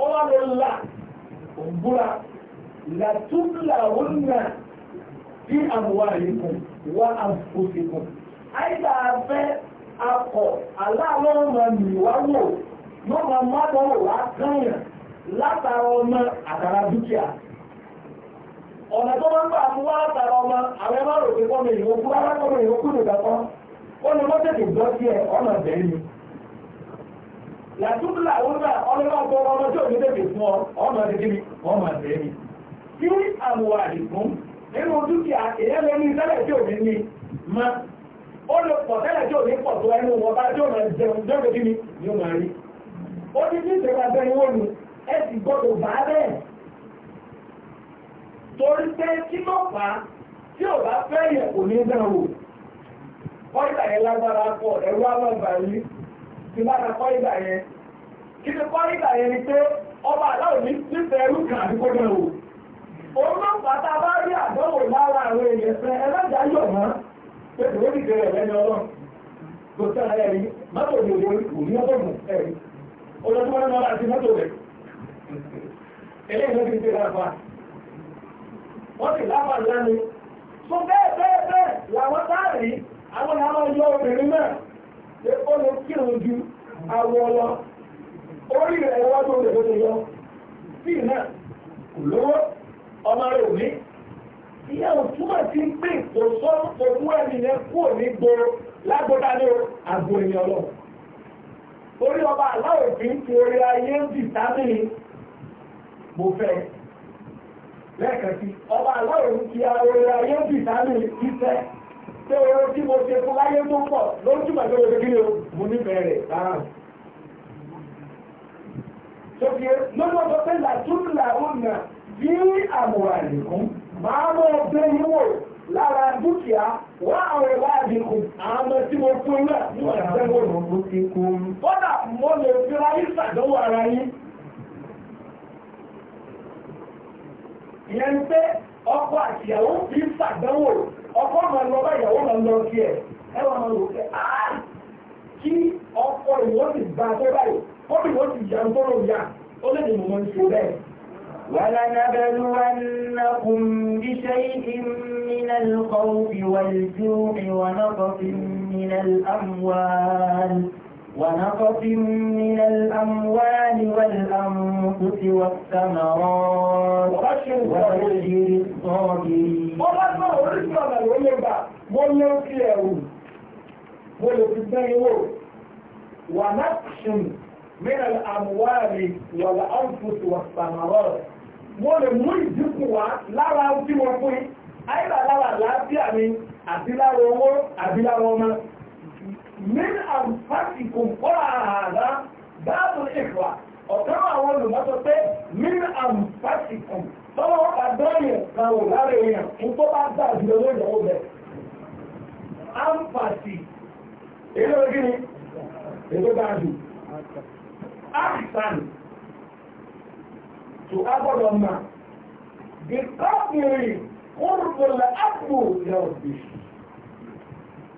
ọlọ́lá a làtúnlà wúnà bí àmúwá àríkùn wá àfòsìkùn àìgbà afẹ́ akọ̀ aláàlọ́ ọmọ mìíwáwò yóò máa mọ́dọ̀wò wá kányàn látara ọmọ àtàrà dúkìá ọ̀nà tó máa ń gbà fún wá látara ọmọ àwọn ẹgbẹ́ rò ọma kọ́mọ ìyókù alákọ̀ọ́mọ okwu làtúndùlà òun náà ọlọ́lá ọgbọ́n ọmọ tí òní tètè fún ọ ọmọ ti kíni ọmọ ẹ̀sẹ̀ mi kí àwọn àdìgún nínú dúkìá èèyàn lè ní tẹ́lẹ̀ tí òní ní ma ó lè pọ̀ tẹ́lẹ̀ tí òní pọ̀ tó ẹnu wọn bá tí òní jẹun jẹun tó kíni ni ó máa rí ó ní bí ìṣẹ̀lẹ̀ abẹ́rin wọn nu ẹ sì gbọ́dọ̀ bá bẹ́ẹ̀ torí pé kí ló fà á tí ò bá fẹ́ yẹ̀ kò ní dáhùn ọ̀rẹ́ ti bá kọ́ ìgbà yẹn kí ti ìgbà yẹn ni pé ọba aláwò ní nífẹ̀ẹ́ ẹrú kan àti kódà wò òun ló fà tá a bá rí àdánwò lára àwọn èèyàn fẹ́ ẹlẹ́jà yọ̀ mọ́ pé kò ní lẹ́ni ọlọ́run ẹ̀rí mọ́tò ẹ̀rí àti mọ́tò rẹ̀ eléyìí ló ti ń wọ́n lẹ́nu pé ó lè kírun ju àwọ̀ lọ orí rẹ̀ wájú rẹ̀ ló lè yọ sí náà kò lówó ọmọ rẹ̀ ò ní ìyàwó túmọ̀ sí pé kò sọ òkú ẹni yẹn kúrò ní gbòòrò lágbódá ní àgbò ènìyàn lọ orí ọba aláwọ̀ tí ń fi orí ayé ń dì sábì ní mo fẹ́ lẹ́ẹ̀kan sí ọba aláwọ̀ tí orí ayé ń dì sábì ní fífẹ́ pé oorun tí mo ṣe fún láyé tó pọ̀ lójú màá lóore kí ni o mo nífẹ̀ẹ́ rẹ̀ rárá. Sọ́kì lọ́wọ́ sọ pé làtúndà ọ̀nà bí àmùrà nìkún máa mọ ọgbẹ́ yín wò lára dúkìá wá àwọn ìwà àdínkù àmọ́ tí mo fún iná ní ọ̀nà tẹ́wọ́ ló ń fi Bọ́dà mo lè fi ráyé ṣàdánwò ara yín. Ìyẹn pé ọkọ àtìyàwó fi ń ṣàdánwò ọkọ máa lọ bá ìyàwó máa lọ sí ẹ̀ ẹ wà máa lò pé kí ọkọ ìwọ́n ti gba abẹ́ báyìí wọ́n ti wọ́n ti yàn tó lò yà ó lè dì mọ̀ ṣe bẹ́ẹ̀. ولنبلونكم بشيء من الخوف والجوع ونقص من الأموال ونقص من الأموال والأنفس والثمرات وبشر الصابرين ونقص من الأموال والأنفس والثمرات mo lè mú ìdínkù wá lára tí wọ́n fún yí ayébà lára àlàáfíà mi àti lára owó àti lára ọmọ من أنفسكم قرأ هذا باب الإخوة ọ̀kan àwọn olùmọ́tọ̀ pé min anfasikum tọ́wọ́ àdáyẹ̀ kan ò lára èèyàn fún tó bá dà jùlọ lónìí ó bẹ̀. àǹfàsì èyí ló gíní ètò bá jù àìsàn tó a gbọ́dọ̀ mà bí kọ́bìnrin kúrùkùn lẹ́ẹ̀kù yọ̀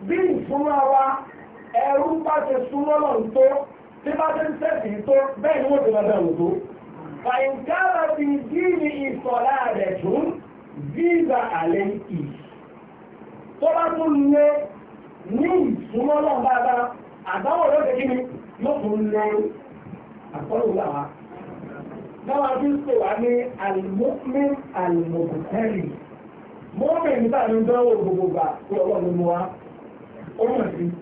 bí ìfúnra wa ẹrú bá ṣe súnmọ́ lọ tó tí bá ṣe ń tẹ̀sí tó bẹ́ẹ̀ ni wọ́n ti máa bẹ̀rù tó. fàyínkára ti dí ní ìsọ̀lá rẹ̀ tún visa àlẹ́ ì. tó bá tún lé ní ìsúnmọ́ lọ dáadáa àdáwọ̀ ló ṣe kí ni yóò tún lé àkọ́lù làwà. Náwà fi sọ wá ní àlùmọ́mí àlùmọ̀bùtẹ́lì. Mọ́mí nígbà ní ń dánwò gbogbo ọlọ́run mú wa. Ó mọ̀ sí i.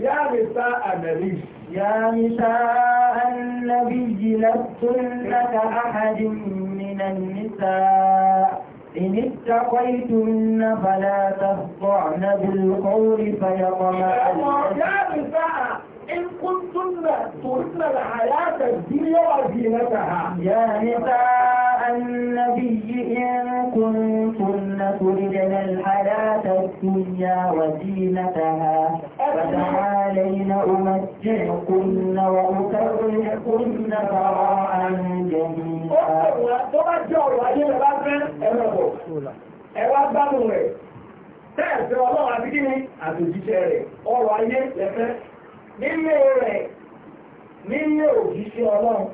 يا نساء النبي يا نساء النبي لستن أحد من النساء إن اتقيتن فلا تخضعن بالقول فيطمع يا نساء إن كنتن تردن الحياة الدنيا وزينتها يا نساء النبي إن كنتن تردن الحياة الدنيا وزينتها فتعالين أمتعكن وأكرهكن فراء جميلا Ẹwà gbámù rẹ̀, tẹ́ẹ̀sẹ̀ ọlọ́run àti kí ni àtòjíṣẹ́ rẹ̀, ọrọ̀ ayé lẹ́fẹ́ nínú rẹ̀ nínú òjíṣẹ́ ọlọ́run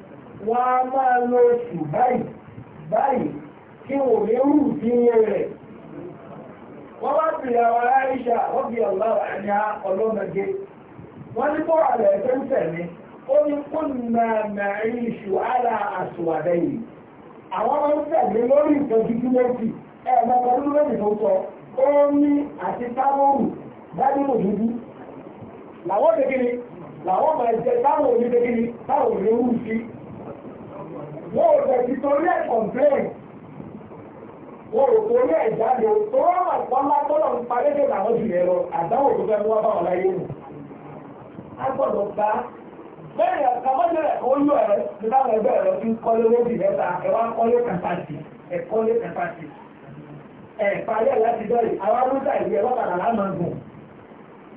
wọ́n á máa lo oṣù báyìí báyìí kí wò ní rú rẹ̀ wọ́n bá ti àwọn aláìṣà wọ́n fi ọ̀la àyà ọlọ́mọdé wọ́n ní kó àlẹ́ tó ń tẹ̀lé ó ní kó nà mẹ́rin iṣu àlà àṣùwàdẹ yìí àwọn ọmọ ń tẹ̀lé lórí ìtọ́jú tí wọ́n làwọn ṣe kíni làwọn máa jẹ táwọn òní ṣe kíni táwọn òní wù sí wọ́n ò tẹ̀sí torí ẹ̀ kọ̀m̀pléìn wọ́n ò torí ẹ̀ jáde tó wọ́n máa pọ́n látọ́lọ̀ ń parí dé làwọn jù yẹn àdáwò tó fẹ́ mú wá báwọn láyé nù. a gbọ́dọ̀ gba bẹ́ẹ̀ àkàmọ́jẹ̀rẹ̀ olú ẹ̀ nígbàgbọ́ ẹgbẹ́ rẹ̀ fi kọ́lé lóbi mẹ́ta ẹ wá kọ́lé kàtàkì ẹ kọ́lé kàtàkì ẹ̀ parí ẹ̀ láti dọ́rì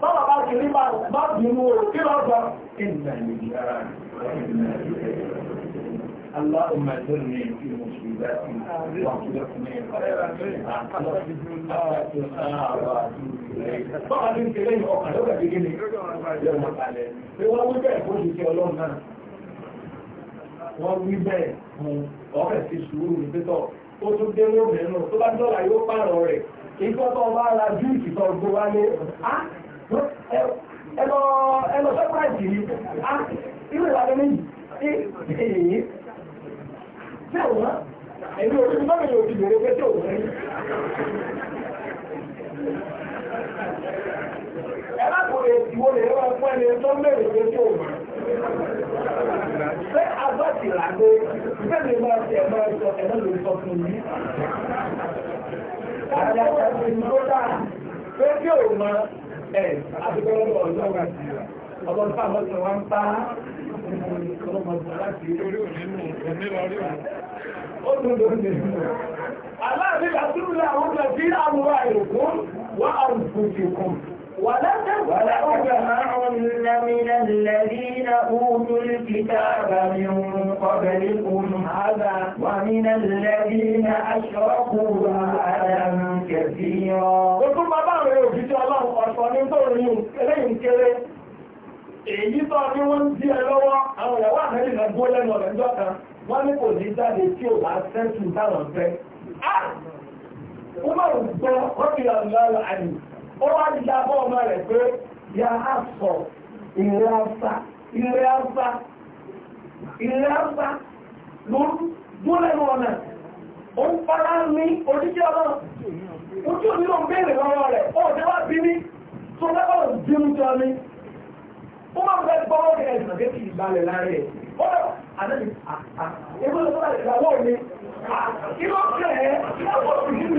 bábà bá ti rí bá bínú o kí lọ sọ ìnà ìyára ìnà ìyára اللهم اجرني في مصيبتي واخلفني خيرا منها Bọ́n ní ṣe lẹ́yìn ọkàn lọ́gbà ti gíní, yọ́nà kalẹ̀. Pé wọ́n wí bẹ́ẹ̀ fún ìṣẹ́ ọlọ́run náà. Wọ́n wí bẹ́ẹ̀ fún ọ̀rẹ́ ti sùúrù ní pẹ́tọ̀. Ó tún dé lóòrùn nínú tó bá dọ́là yóò pààrọ̀ rẹ̀. Ìgbọ́tọ̀ bá ra júùsì tó gbówálé. ẹlọ sọ́pàájì yìí á irú ìlànà méjì tí èyí tí àwọn èmi ò rí mọ́mí ò ti bèrè pé tí òun rí ẹlákùnrin ìwò lè rán fún ẹni tó mẹ́rin pé tí òun pé agbájì làgbé bẹ́ẹ̀ máa ti ẹ̀mọ́ ẹ̀sọ́ ẹ̀mọ́ lè sọ fún yìí láti ẹ̀sọ́ ìlú tó dáa pé tí òun máa Ọlọ́run fáwọn ọ̀sán wá ń bá ọlọ́mọdún láti orí òní nù ẹ̀mí lọ rí òní. Ó dùn lónìí. Aláàbí làtúrú làwọn ọ̀sán sí àwọn àìrùkún wá àrùkún ti kún. ولا جماعة من الذين أوتوا الكتاب من قبلكم هذا ومن الذين أشركوا أذى كثيرا Ogún bàbá rẹ̀ òjíjọ́ aláhùn ọ̀sọ̀ ní tó rí ẹlẹ́yìn kéré. Èyí tó ní wọ́n ń dí ẹ lọ́wọ́, àwọn ìyàwó àmẹ́lì náà gbó lẹ́nu ọ̀rẹ́ ìjọ kan, wọ́n ní kò ní jáde tí ò bá sẹ́sù táwọn fẹ́. Ó ah! máa ń gbọ́, wọ́n fi ó wá ti dá bọ́ ọmọ rẹ̀ pé ya á sọ ìrẹ́ àṣà ìrẹ́ àṣà ìrẹ́ àṣà ló dúnlẹ́nu ọ̀nà ó ń fara ní òjíjẹ́ ọlọ́run ojú òní ló ń béèrè lọ́wọ́ rẹ̀ ó ti wá bí mi tó lẹ́kọ̀ọ́ bínú jọ mi ó máa fẹ́ gbọ́ ọ́ kẹ́kẹ́ ìsìnkú kí ìbalẹ̀ láàrin ẹ̀ ó lọ àdáni àtà ẹgbẹ́ tó bá ìgbàwọ́ mi kí ló ń tẹ̀ ẹ́ kí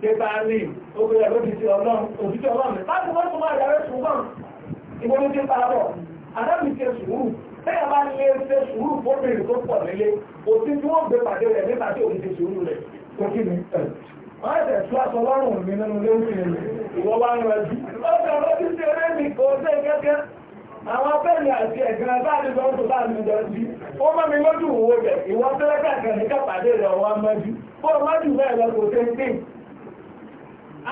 débá rí ogun ẹ̀rọ ti ti ọlọ́run òjíjọ ọlọ́run láti wọ́n tó máa yàrá ṣùgbọ́n ìwọ́n ló dé parọ́ adábì ṣe sùúrù bẹ́ẹ̀ bá ní ṣe sùúrù fóbìnrin tó pọ̀ nílé òtí tí wọ́n gbé pàdé rẹ̀ nípa tí òun ti sùúrù rẹ̀ kò kí ni wọ́n ẹ̀sẹ̀ tú aṣọ lọ́rùn mi nínú lórí ìwọ́ wá ń rẹjú ọ̀sẹ̀ ló ti ṣe eré mi kò ṣe kẹ́kẹ́ àwọn abẹ́rẹ́ àti ẹ̀gbìn abáàdì lọ́wọ́ tó bá mi lọ sí ó mọ́ mi lójú òwò rẹ̀ ìwọ́n tẹ́lẹ́kà kan ní kápàdé rẹ̀ ọwọ́ mọ́jú bó mọ́jú bẹ́ẹ̀ lọ kò ṣe ń pín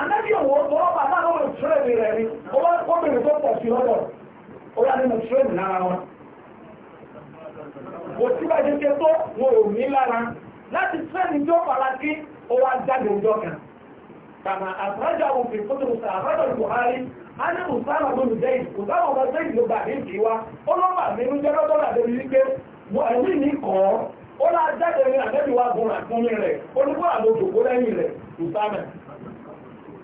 ànábì òwò tọwọ́ bàtà lọ́wọ́ tírẹ̀mì rẹ̀ ni ó wá kọ́bìnrin tó pọ̀ sí lọ́dọ̀ ó yà nínú tírẹ̀mì lára wọn kò sí bá jẹ́ tó wọn ò ní lára láti tírẹ̀mì tí ó fara kí ó wá jáde ìjọ kan kàmà àtúrájà Buhari a ní Usama bó Usama ló wa ó lọ́wọ́ àmì inú jẹ́ mi ó jáde ní wa gùn àkúnmí àlọ́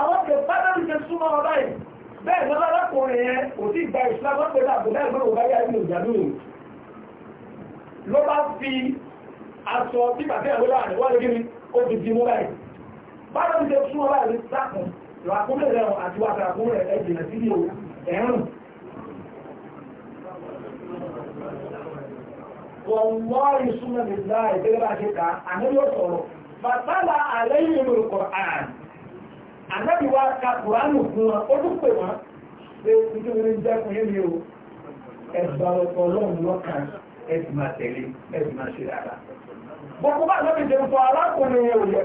àwọn kẹfàdàrí ṣe súnmọ́ ọba yìí bẹ́ẹ̀ lọ́lá lákùnrin yẹn kò sí ìgbà ìṣúná wọ́n pẹ̀lú àbúlá ìgbọ́n òbá yà nínú ìjà lóòrùn ló bá fi aṣọ tí bàtẹ́ ìwé láàrin wọ́n lè gírí ó fi di mú báyìí bára ti ṣe súnmọ́ báyìí ní sákùn làkúnlẹ̀ rẹ̀ àti wàtà àkúnlẹ̀ ẹ̀ jìnà sí ní ẹ̀rùn wọ́n ìsúnmọ̀ nígbà ìgbẹ́gbẹ́ bá ṣe ká àmì yóò sọ̀rọ̀ bàtàlà àlẹ́yìn ìlú kọ̀ọ̀án ànábì wa ka kùránù fún wọn ó tún pè nítorí jẹ́ fún yín ni o ẹ̀sùn àlọ́kọ̀ ọlọ́run lọ́kàn ẹ̀sùn máa tẹ̀lé máa ṣe gbogbo bá sọ alákùnrin yẹn ò yẹ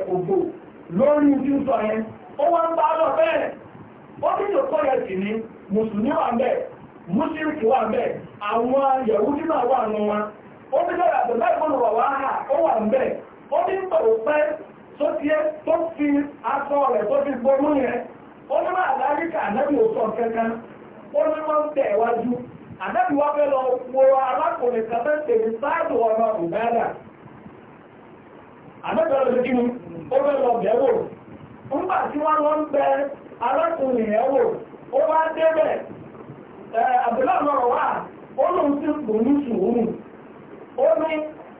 lórí ojú sọ yẹn ó wá ń bá lọ bẹ́ẹ̀ ó ní ìjọkọ́ yẹn sì mùsùlùmí wà mùsùlùmí wà àwọn tó ti ẹ́ tó fi aṣọ rẹ̀ tó fi gbọmú yẹn ó ní máa láríkà ànábì ò kankan ó ní wọ́n ń tẹ̀ wájú ànábì wá fẹ́ lọ wo arákùnrin kan tèmi sáàdù ọmọ ìgbàdà ó fẹ́ lọ nígbà tí wọ́n lọ ń bẹ yẹn wò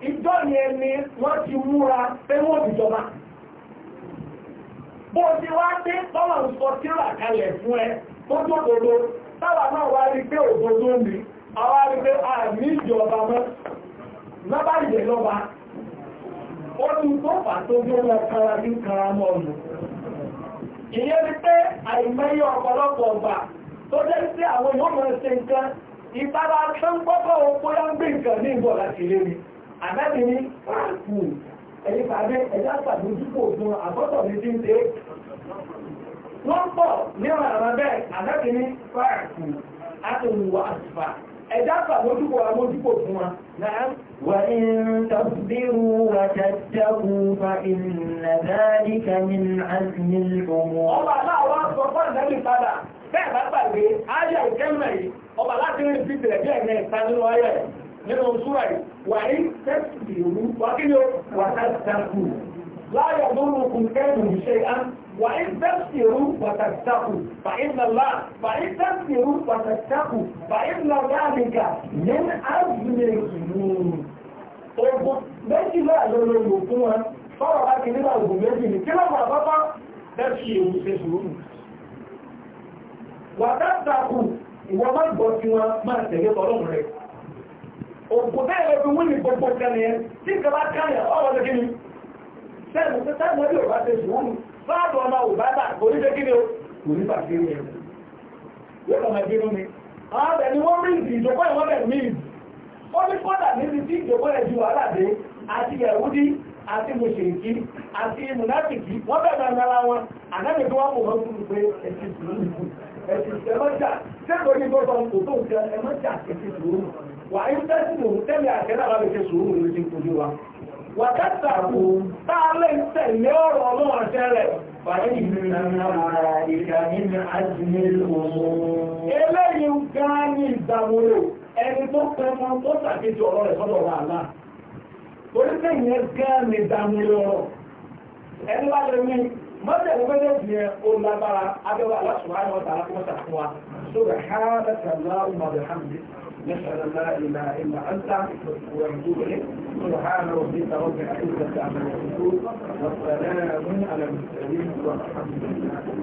ìjọ yẹn ni wọ́n ti múra pé wọ́n jọba bó ti wá dé tọ́lọ̀ ń sọ kalẹ̀ fún ẹ tó jókòó táwa náà wá rí pé òdodo mi àwa rí pé àmì ìjọba mọ́ lọ́bá ìjẹ́ lọ́ba ó ní tó fà tó bí ó lọ mọ́ ọ̀nà ni pé tó jẹ́ sí tó ń gbọ́kọ̀ yá ń gbé àdábì ní páàkù ah, hmm, ẹ̀yìn pàdé ẹ̀dá pàdójúkò fún àtọ́tọ̀ ní ń wọ́n pọ̀ ní ọ̀rọ̀ bẹ́ẹ̀ àdábì ní páàkù ah, hmm, àtòlùwà àtùfà ẹ̀dá pàdójúkò àmójúkò fún wa bẹ́ẹ̀ bá pàdé ayé ìkẹ́mẹ̀ yìí ọba láti rí ẹ̀mẹ́ nínú súra yìí wà ní tẹ́sì ìlú wà kí ni ó wà tàbí láyà lórí okùn kẹ́rù ṣe án wà ní tẹ́sì ìlú wà tàbí fà ìlàlá fà ní tẹ́sì ìlú wà tàbí fà ìlàlá nìkà yẹn àzùmẹ̀ ìlú ogun méjì náà lọ́lọ́ lò fún wọn fọ́rọ̀ bá ti nílà ogun méjì ní kí lọ́pàá bábá ìlú ṣe sùúrù òkú bẹ́ẹ̀ lọ fi wúni gbogbo kẹni ẹ tí nǹkan bá káyà ọ̀rọ̀ ṣe kíni sẹ́ẹ̀mù tí sẹ́ẹ̀mù ẹbí òbá ṣe sùúrù fáàbù ọmọ òbá bá kò ní ṣe kíni o kò ní bà kí ni ẹ yóò kọ̀ máa bínú mi àwọn abẹ ni wọ́n rí ìdí ìjọba ẹ̀ wọ́n bẹ̀ mí ó ní kọ́dà níbi tí ìjọba ẹ̀ ju wàhálà dé àti yahudi àti mùsùlùmí àti mùnàfìkì wọ́n bẹ̀ bá nara wọn ànábì tí wọ́n mú wọn kúrú pé ẹ̀sìn sùúrù ẹ̀sìn ẹ̀mọ́jà sẹ́kọ̀ọ́ ní gbọ́dọ̀ kò tó nǹkan ẹ̀mọ́jà ẹ̀sìn sùúrù wàyí tẹ́sìlò ní ti kojú wa wàtẹ́sà kù táà lè tẹ̀lé ọ̀rọ̀ ọlọ́run tẹ́lẹ̀ eléyìí gáà ní ìdàmúlò ẹni tó pẹ̀mọ́ tó sàkéjì ọ̀rọ̀ rẹ̀ wà náà ní ọ̀rọ̀ ẹni lè fún wa bẹ́tẹ̀ نسأل الله إله إلا أنت ورسوله سبحان ربك رب العزة عما يصفون والسلام على المرسلين والحمد لله